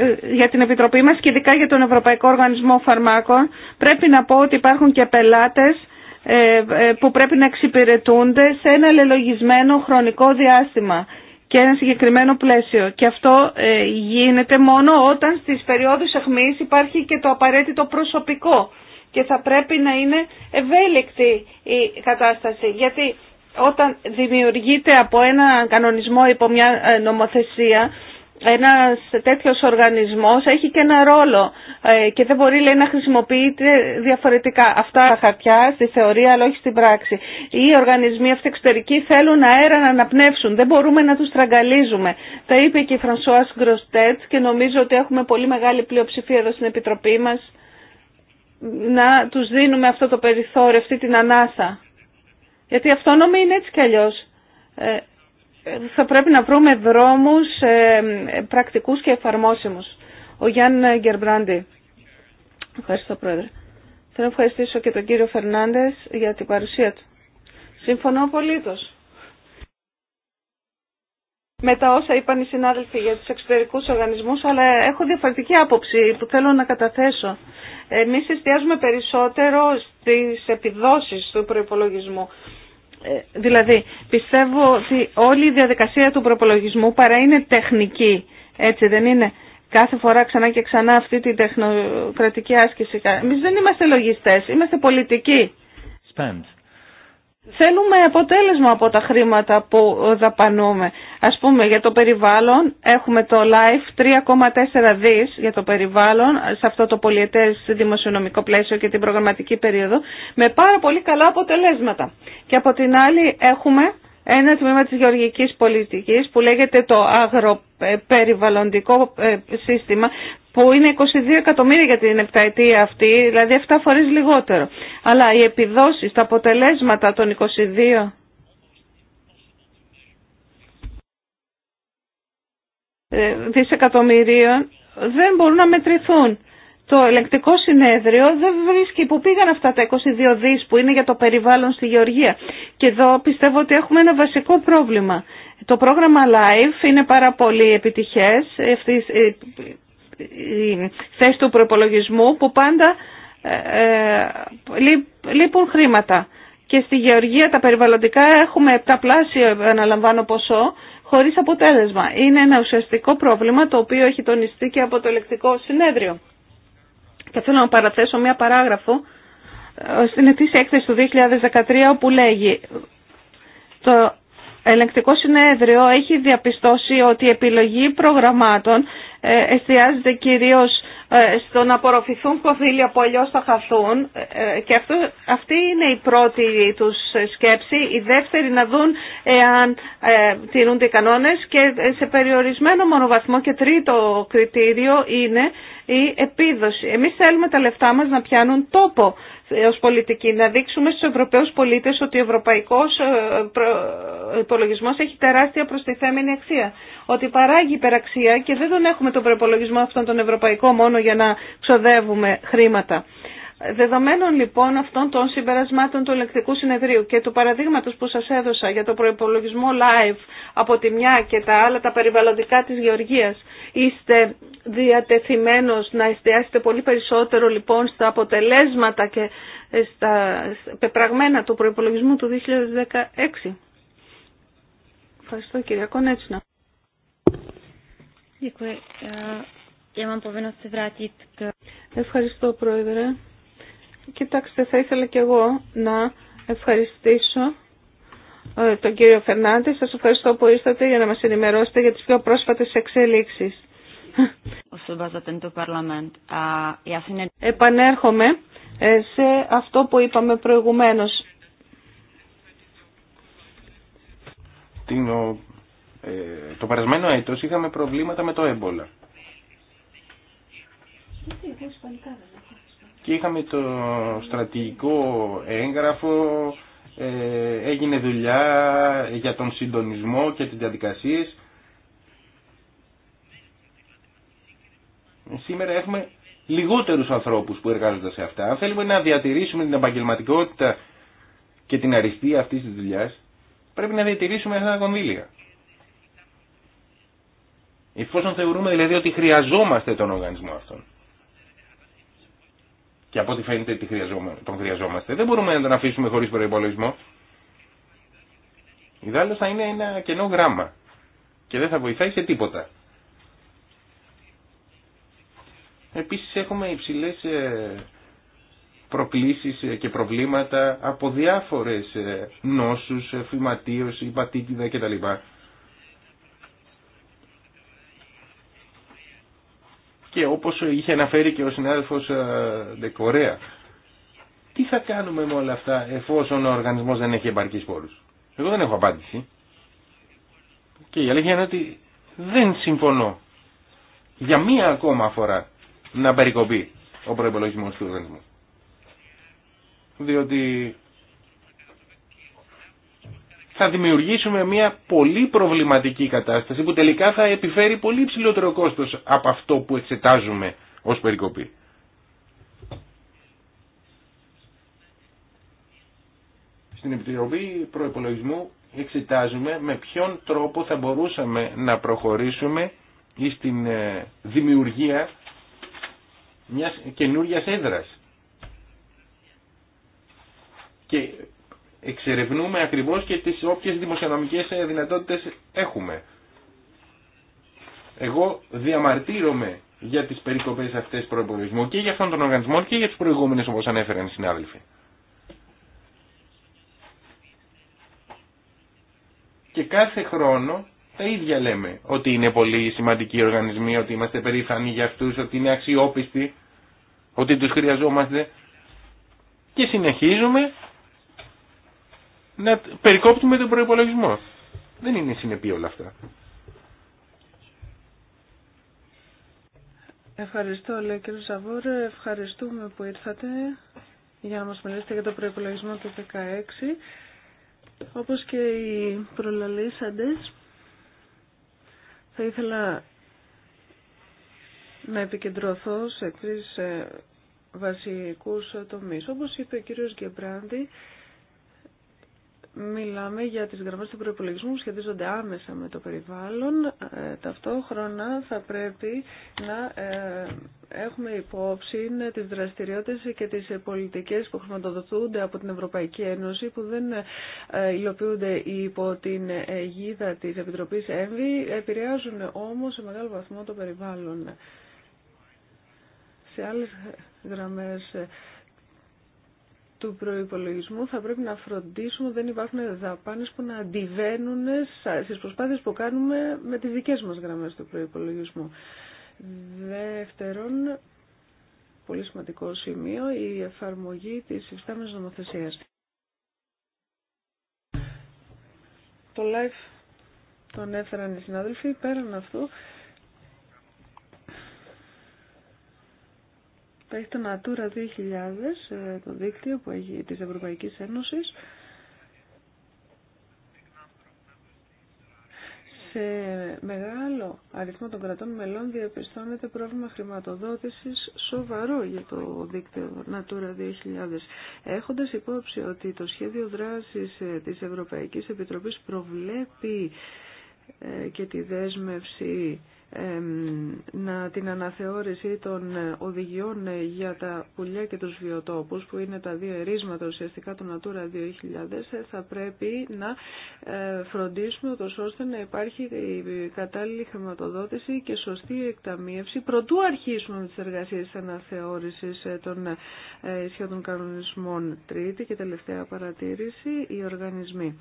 ε, για την Επιτροπή μας και ειδικά για τον Ευρωπαϊκό Οργανισμό Φαρμάκων πρέπει να πω ότι υπάρχουν και πελάτες ε, που πρέπει να εξυπηρετούνται σε ένα λελογισμένο χρονικό διάστημα και ένα συγκεκριμένο πλαίσιο. Και αυτό γίνεται μόνο όταν στις περιόδους αχμής υπάρχει και το απαραίτητο προσωπικό και θα πρέπει να είναι ευέλικτη η κατάσταση. Γιατί όταν δημιουργείται από ένα κανονισμό ή από μια ε, νομοθεσία, ένας τέτοιος οργανισμός έχει και ένα ρόλο ε, και δεν μπορεί να χρησιμοποιείται διαφορετικά αυτά τα χαρτιά στη θεωρία αλλά όχι στην πράξη. Οι οργανισμοί αυτοί εξωτερικοί θέλουν αέρα να αναπνεύσουν, δεν μπορούμε να τους τραγκαλίζουμε. Τα είπε και η Φρανσόας Γκροστέτ και νομίζω ότι έχουμε πολύ μεγάλη πλειοψηφία εδώ στην Επιτροπή μας να τους δίνουμε αυτό το περιθώριο, αυτή την ανάσα. Γιατί αυτόνομη είναι έτσι κι ε, θα πρέπει να βρούμε δρόμους ε, πρακτικούς και εφαρμόσιμους. Ο Γιάνν Γκερμπράντι. Ευχαριστώ Πρόεδρε. Θέλω να ευχαριστήσω και τον κύριο Φερνάντες για την παρουσία του. Συμφωνώ απολύτως με τα όσα είπαν οι συνάδελφοι για τους εξωτερικούς οργανισμούς, αλλά έχω διαφορετική άποψη που θέλω να καταθέσω. Εμείς εστιάζουμε περισσότερο στις επιδόσεις του προϋπολογισμού. Ε, δηλαδή, πιστεύω ότι όλη η διαδικασία του προπολογισμού παρά είναι τεχνική, έτσι δεν είναι. Κάθε φορά ξανά και ξανά αυτή την τεχνοκρατική άσκηση. Εμείς δεν είμαστε λογιστές, είμαστε πολιτικοί. Spend. Θέλουμε αποτέλεσμα από τα χρήματα που δαπανούμε. Ας πούμε για το περιβάλλον έχουμε το LIFE 3,4 δις για το περιβάλλον σε αυτό το πολιετές δημοσιονομικό πλαίσιο και την προγραμματική περίοδο με πάρα πολύ καλά αποτελέσματα. Και από την άλλη έχουμε ένα τμήμα της γεωργικής πολιτικής που λέγεται το αγροπεριβαλλοντικό ε, σύστημα που είναι 22 εκατομμύρια για την επταετία αυτή, δηλαδή 7 φορές λιγότερο. Αλλά οι επιδόσεις, τα αποτελέσματα των 22... Ε, δισεκατομμυρίων δεν μπορούν να μετρηθούν. Το ελεκτικό συνέδριο δεν βρίσκει που πήγαν αυτά τα 22 δις που είναι για το περιβάλλον στη Γεωργία. Και εδώ πιστεύω ότι έχουμε ένα βασικό πρόβλημα. Το πρόγραμμα Live είναι πάρα πολύ επιτυχές. Ε, η θέση του προπολογισμού που πάντα ε, ε, λείπουν χρήματα. Και στη γεωργία τα περιβαλλοντικά έχουμε επταπλάσιο, αναλαμβάνω ποσό, χωρίς αποτέλεσμα. Είναι ένα ουσιαστικό πρόβλημα το οποίο έχει τονιστεί και από το ελεκτικό συνέδριο. Και θέλω να παραθέσω μια παράγραφο ε, στην ετήσια έκθεση του 2013 όπου λέγει το Ελεκτικό συνέδριο έχει διαπιστώσει ότι η επιλογή προγραμμάτων ε, εστιάζεται κυρίως ε, στο να απορροφηθούν κονδύλια που αλλιώ θα χαθούν ε, και αυτό, αυτή είναι η πρώτη τους σκέψη. Η δεύτερη να δουν εάν ε, τηρούνται οι κανόνες και σε περιορισμένο μονοβαθμό και τρίτο κριτήριο είναι η επίδοση. Εμείς θέλουμε τα λεφτά μας να πιάνουν τόπο ως πολιτικοί, να δείξουμε στους Ευρωπαίους πολίτες ότι ο ευρωπαϊκός υπολογισμός έχει τεράστια προστιθέμενη αξία ότι παράγει υπεραξία και δεν τον έχουμε τον προπολογισμό αυτόν τον ευρωπαϊκό μόνο για να ξοδεύουμε χρήματα. Δεδομένων λοιπόν αυτών των συμπερασμάτων του ελεκτικού συνεδρίου και του παραδείγματος που σας έδωσα για το προϋπολογισμό live από τη μια και τα άλλα τα περιβαλλοντικά της γεωργίας, είστε διατεθειμένος να εστιάσετε πολύ περισσότερο λοιπόν στα αποτελέσματα και στα πεπραγμένα του προϋπολογισμού του 2016. Ευχαριστώ κυρία Κονέτσινα. Ευχαριστώ, Πρόεδρε. Κοιτάξτε, θα ήθελα και εγώ να ευχαριστήσω ε, τον κύριο Φερνάντη. Σας ευχαριστώ που ήρθατε για να μας ενημερώσετε για τις πιο πρόσφατες εξελίξεις. Επανέρχομαι ε, σε αυτό που είπαμε προηγουμένως. Την ε, το περασμένο έτος είχαμε προβλήματα με το έμπολα. Και είχαμε το στρατηγικό έγγραφο, ε, έγινε δουλειά για τον συντονισμό και τις διαδικασίες. Σήμερα έχουμε λιγότερους ανθρώπους που εργάζονται σε αυτά. Αν θέλουμε να διατηρήσουμε την επαγγελματικότητα και την αριστεία αυτής της δουλειάς, πρέπει να διατηρήσουμε αυτά τα κονδύλια. Εφόσον θεωρούμε δηλαδή ότι χρειαζόμαστε τον οργανισμό αυτόν. Και από ό,τι φαίνεται τον χρειαζόμαστε. Δεν μπορούμε να τον αφήσουμε χωρίς προϋπολογισμό. Η θα είναι ένα κενό γράμμα και δεν θα βοηθάει σε τίποτα. Επίσης έχουμε υψηλές ε, προκλήσεις ε, και προβλήματα από διάφορες ε, νόσους, φυματίωση, πατήτιδα κτλ. και όπως είχε αναφέρει και ο συνάδελφος Δεκορέα. Τι θα κάνουμε με όλα αυτά εφόσον ο οργανισμός δεν έχει επαρκείς πόρους. Εγώ δεν έχω απάντηση. Και η αλήθεια είναι ότι δεν συμφωνώ για μία ακόμα φορά να περικοπεί ο προϋπολογισμός του οργανισμού. Διότι θα δημιουργήσουμε μια πολύ προβληματική κατάσταση που τελικά θα επιφέρει πολύ ψηλότερο κόστος από αυτό που εξετάζουμε ως περικοπή. Στην Επιτροπή προεπολογισμού εξετάζουμε με ποιον τρόπο θα μπορούσαμε να προχωρήσουμε ή στην ε, δημιουργία μιας καινούριας έδρας. Και εξερευνούμε ακριβώς και τις όποιες δημοσιονομικές ε, δυνατότητες έχουμε. Εγώ διαμαρτύρομαι για τις περικοπές αυτές προϋπολογισμού και για αυτόν τον οργανισμό και για τις προηγούμενες όπως ανέφεραν οι συνάδελφοι. Και κάθε χρόνο τα ίδια λέμε ότι είναι πολύ σημαντικοί οργανισμοί, ότι είμαστε περήφανοι για αυτούς, ότι είναι αξιόπιστοι, ότι τους χρειαζόμαστε και συνεχίζουμε να περικόπτουμε τον προπολογισμό. Δεν είναι συνεπή όλα αυτά. Ευχαριστώ, λέει κύριε Ζαβόρ. Ευχαριστούμε που ήρθατε για να μας μιλήσετε για το προϋπολογισμό του 16. Όπως και οι προλαλήσαντες, θα ήθελα να επικεντρωθώ σε τρεις ε, βασικούς ε, τομείς. Όπως είπε ο κύριος Γκεμπράντη, Μιλάμε για τις γραμμές του προϋπολογισμού που σχετίζονται άμεσα με το περιβάλλον. Ε, ταυτόχρονα θα πρέπει να ε, έχουμε υπόψη τις δραστηριότητες και τις πολιτικές που χρηματοδοτούνται από την Ευρωπαϊκή Ένωση που δεν ε, υλοποιούνται υπό την αιγίδα της Επιτροπής ΕΜΒΗ, επηρεάζουν όμως σε μεγάλο βαθμό το περιβάλλον. Σε άλλες γραμμές του προϋπολογισμού θα πρέπει να φροντίσουμε δεν υπάρχουν δαπάνες που να αντιβαίνουν στις προσπάθειες που κάνουμε με τις δικές μας γραμμές του προϋπολογισμού. Δεύτερον, πολύ σημαντικό σημείο, η εφαρμογή της υφιστάμενης νομοθεσίας. Το live τον έφεραν οι συνάδελφοι, πέραν αυτού Υπάρχει το Natura 2000, ε, το δίκτυο που έχει της Ευρωπαϊκής Ένωσης. Σε μεγάλο αριθμό των κρατών μελών διαπιστώνεται πρόβλημα χρηματοδότησης σοβαρό για το δίκτυο Natura 2000. Έχοντας υπόψη ότι το σχέδιο δράσης ε, της Ευρωπαϊκής Επιτροπής προβλέπει ε, και τη δέσμευση να την αναθεώρηση των οδηγιών για τα πουλιά και τους βιοτόπους που είναι τα δύο ερίσματα ουσιαστικά του Natura 2000 θα πρέπει να ε, φροντίσουμε ώστε να υπάρχει η κατάλληλη χρηματοδότηση και σωστή εκταμίευση προτού αρχίσουμε με τις εργασίες της αναθεώρησης ε, των ε, ισχυρών κανονισμών τρίτη και τελευταία παρατήρηση οι οργανισμοί.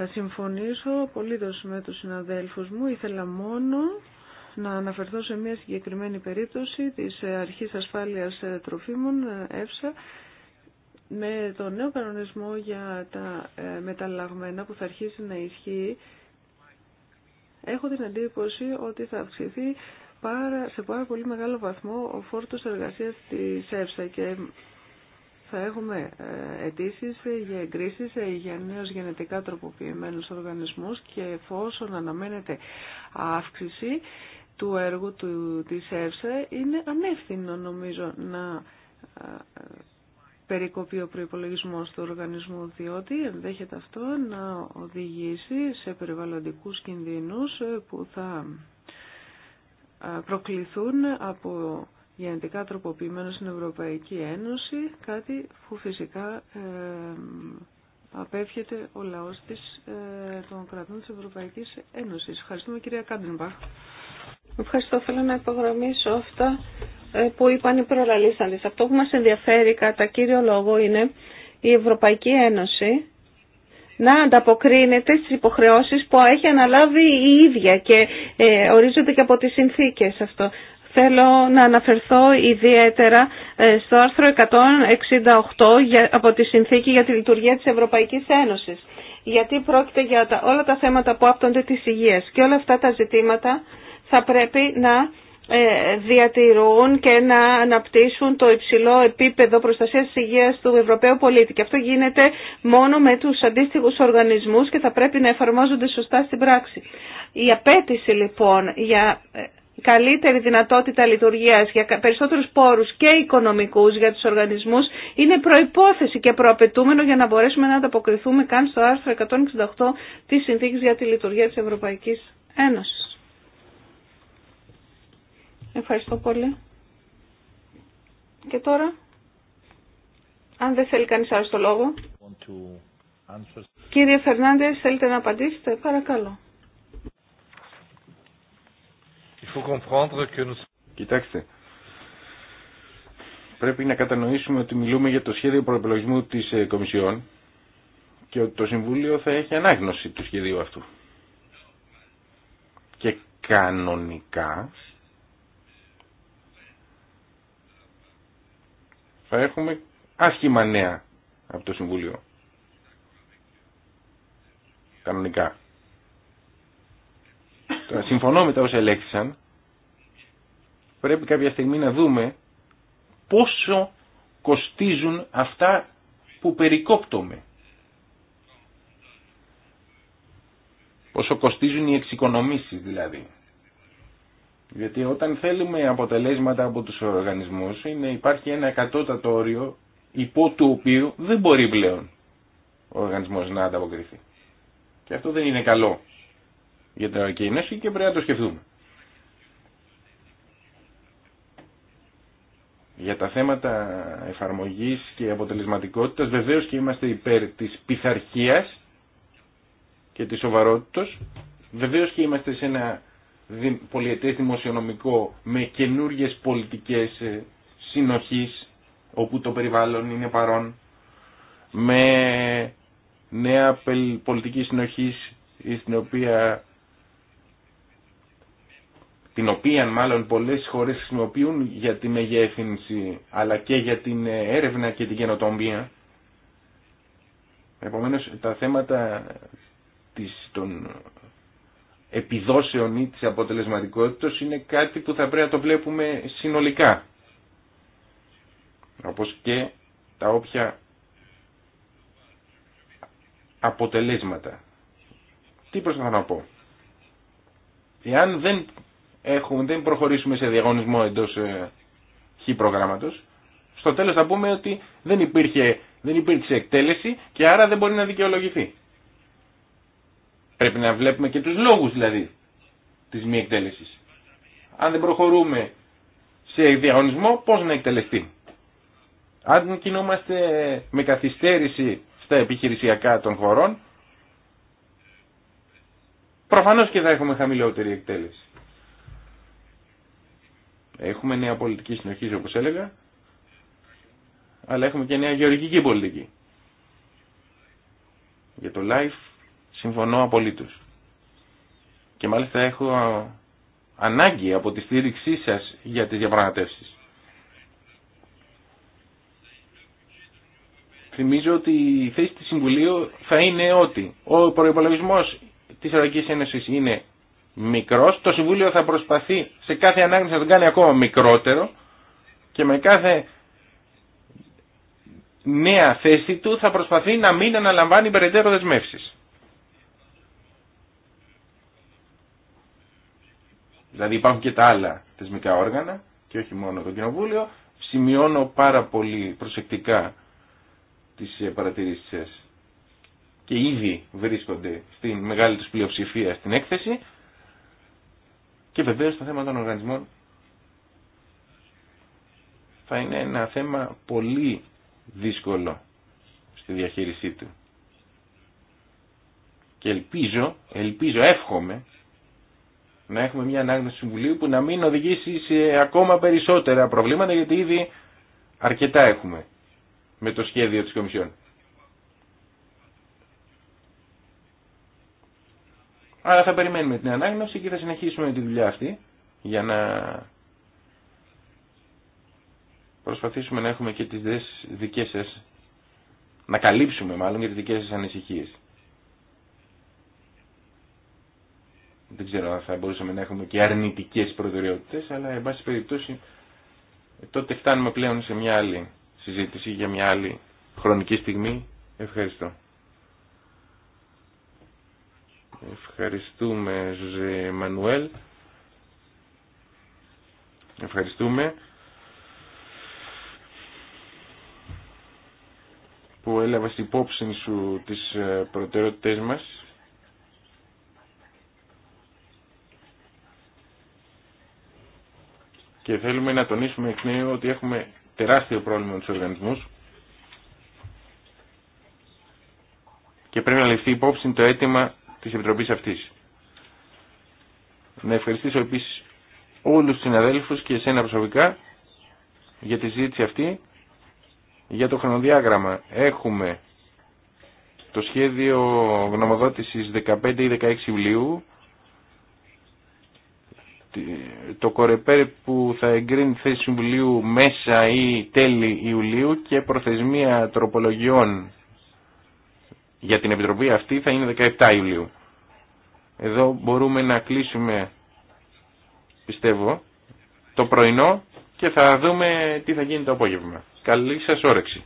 Θα συμφωνήσω πολύ με τους συναδέλφους μου. Ήθελα μόνο να αναφερθώ σε μια συγκεκριμένη περίπτωση της Αρχής Ασφάλειας Τροφίμων, ΕΦΣΑ, με το νέο κανονισμό για τα ε, μεταλλαγμένα που θα αρχίσει να ισχύει. Έχω την εντύπωση ότι θα αυξηθεί πάρα, σε πάρα πολύ μεγάλο βαθμό ο φόρτος εργασίας της ΕΦΣΑ και θα έχουμε ε, αιτήσει για εγκρίσει ε, για νέου γενετικά τροποποιημένου οργανισμού και εφόσον αναμένεται αύξηση του έργου του, της ΕΦΣΕ είναι ανεύθυνο νομίζω να ε, περικοπεί ο προπολογισμό του οργανισμού, διότι ενδέχεται αυτό να οδηγήσει σε περιβαλλοντικούς κινδύνους που θα προκληθούν από γενετικά τροποποιημένο στην Ευρωπαϊκή Ένωση, κάτι που φυσικά ε, απέφχεται ο λαός της, ε, των κρατών της Ευρωπαϊκής Ένωσης. Ευχαριστούμε κυρία Κάντενμπαχ. Ευχαριστώ. Θέλω να υπογραμμίσω αυτά ε, που είπαν οι προλαλήσαντες. Αυτό που μας ενδιαφέρει κατά κύριο λόγο είναι η Ευρωπαϊκή Ένωση να ανταποκρίνεται στις υποχρεώσεις που έχει αναλάβει η ίδια και ορίζονται και από τις συνθήκες αυτό. Θέλω να αναφερθώ ιδιαίτερα ε, στο άρθρο 168 από τη Συνθήκη για τη Λειτουργία της Ευρωπαϊκής Ένωσης. Γιατί πρόκειται για όλα τα θέματα που άπτονται της υγείας και όλα αυτά τα ζητήματα θα πρέπει να ε, διατηρούν και να αναπτύσσουν το υψηλό επίπεδο προστασίας της υγείας του Ευρωπαίου πολίτη. Και αυτό γίνεται μόνο με τους αντίστοιχους οργανισμούς και θα πρέπει να εφαρμόζονται σωστά στην πράξη. Η απέτηση λοιπόν για ε, καλύτερη δυνατότητα λειτουργίας για περισσότερους πόρους και οικονομικούς για τους οργανισμούς είναι προϋπόθεση και προαπαιτούμενο για να μπορέσουμε να ανταποκριθούμε καν στο άρθρο 168 της Συνθήκης για τη Λειτουργία της Ευρωπαϊκής Ένωσης. Ευχαριστώ πολύ. Και τώρα, αν δεν θέλει κανείς άλλο το λόγο. Κύριε Φερνάντες, θέλετε να απαντήσετε, παρακαλώ. Κοιτάξτε, πρέπει να κατανοήσουμε ότι μιλούμε για το σχέδιο προεπιλογισμού της ε, Κομισιόν και ότι το Συμβούλιο θα έχει ανάγνωση του σχεδίου αυτού. Και κανονικά θα έχουμε άσχημα νέα από το Συμβούλιο. Κανονικά συμφωνώ με τα όσα ελέγχθησαν, πρέπει κάποια στιγμή να δούμε πόσο κοστίζουν αυτά που περικόπτουμε. Πόσο κοστίζουν οι εξοικονομήσεις δηλαδή. Γιατί όταν θέλουμε αποτελέσματα από τους οργανισμούς είναι, υπάρχει ένα εκατότατο όριο υπό του οποίου δεν μπορεί πλέον ο οργανισμός να ανταποκριθεί. Και αυτό δεν είναι καλό για την ανακοίνωση και πρέπει να το σκεφτούμε. Για τα θέματα εφαρμογής και αποτελεσματικότητας βεβαίως και είμαστε υπέρ της πειθαρχία και της σοβαρότητας. Βεβαίως και είμαστε σε ένα πολιετές δημοσιονομικό με καινούριε πολιτικές ε, συνοχής όπου το περιβάλλον είναι παρόν με νέα πολιτική συνοχής στην οποία την οποία μάλλον πολλές χώρες χρησιμοποιούν για τη μεγέθυνση αλλά και για την ε, έρευνα και την καινοτομία. Επομένως τα θέματα της, των επιδόσεων ή της αποτελεσματικότητας είναι κάτι που θα πρέπει να το βλέπουμε συνολικά. Όπως και τα όποια αποτελέσματα. Τι προσπαθώ να πω. Εάν δεν έχουμε, δεν προχωρήσουμε σε διαγωνισμό εντός ε, προγράμματος, στο τέλος θα πούμε ότι δεν, υπήρχε, δεν υπήρξε εκτέλεση και άρα δεν μπορεί να δικαιολογηθεί. Πρέπει να βλέπουμε και τους λόγους δηλαδή της μη εκτέλεσης. Αν δεν προχωρούμε σε διαγωνισμό πώς να εκτελεστεί. Αν κινούμαστε με καθυστέρηση στα επιχειρησιακά των χωρών, προφανώς και θα έχουμε χαμηλότερη εκτέλεση. Έχουμε νέα πολιτική συνοχή όπως έλεγα, αλλά έχουμε και νέα γεωργική πολιτική. Για το life συμφωνώ απολύτω. Και μάλιστα έχω ανάγκη από τη στήριξή σας για τις διαπραγματεύσει. Θυμίζω ότι η θέση του Συμβουλίου θα είναι ότι ο προπολογισμό της Ευρωπαϊκή Ένωση είναι μικρός, το Συμβούλιο θα προσπαθεί σε κάθε ανάγνωση να τον κάνει ακόμα μικρότερο και με κάθε νέα θέση του θα προσπαθεί να μην αναλαμβάνει περαιτέρω δεσμεύσεις. Δηλαδή υπάρχουν και τα άλλα θεσμικά όργανα και όχι μόνο το Κοινοβούλιο. Σημειώνω πάρα πολύ προσεκτικά τις παρατηρήσεις και ήδη βρίσκονται στην μεγάλη τους πλειοψηφία στην έκθεση. Και βεβαίως το θέμα των οργανισμών θα είναι ένα θέμα πολύ δύσκολο στη διαχείρισή του. Και ελπίζω, ελπίζω, εύχομαι να έχουμε μια ανάγνωση του Συμβουλίου που να μην οδηγήσει σε ακόμα περισσότερα προβλήματα γιατί ήδη αρκετά έχουμε με το σχέδιο της Κομισιόν. Αλλά θα περιμένουμε την ανάγνωση και θα συνεχίσουμε τη δουλειά αυτή για να προσπαθήσουμε να έχουμε και τις δικές σας, να καλύψουμε μάλλον και τις δικές σας ανησυχίες. Δεν ξέρω αν θα μπορούσαμε να έχουμε και αρνητικές προτεραιότητες, αλλά εν πάση περιπτώσει τότε φτάνουμε πλέον σε μια άλλη συζήτηση για μια άλλη χρονική στιγμή. Ευχαριστώ. Ευχαριστούμε, Ζωζε Μανουέλ. Ευχαριστούμε που έλαβα υπόψη σου τις ε, προτεραιότητες μας. Και θέλουμε να τονίσουμε εκ νέου ότι έχουμε τεράστιο πρόβλημα με τους οργανισμούς. Και πρέπει να ληφθεί υπόψη το αίτημα της Επιτροπής αυτής. Να ευχαριστήσω επίσης όλους τους συναδέλφους και εσένα προσωπικά για τη ζήτηση αυτή. Για το χρονοδιάγραμμα έχουμε το σχέδιο γνωμοδότησης 15 ή 16 Ιουλίου το κορεπέρ που θα εγκρίνει θέση Συμβουλίου μέσα ή τέλη Ιουλίου και προθεσμία τροπολογιών για την Επιτροπή αυτή θα είναι 17 Ιουλίου. Εδώ μπορούμε να κλείσουμε, πιστεύω, το πρωινό και θα δούμε τι θα γίνει το απόγευμα. Καλή σας όρεξη.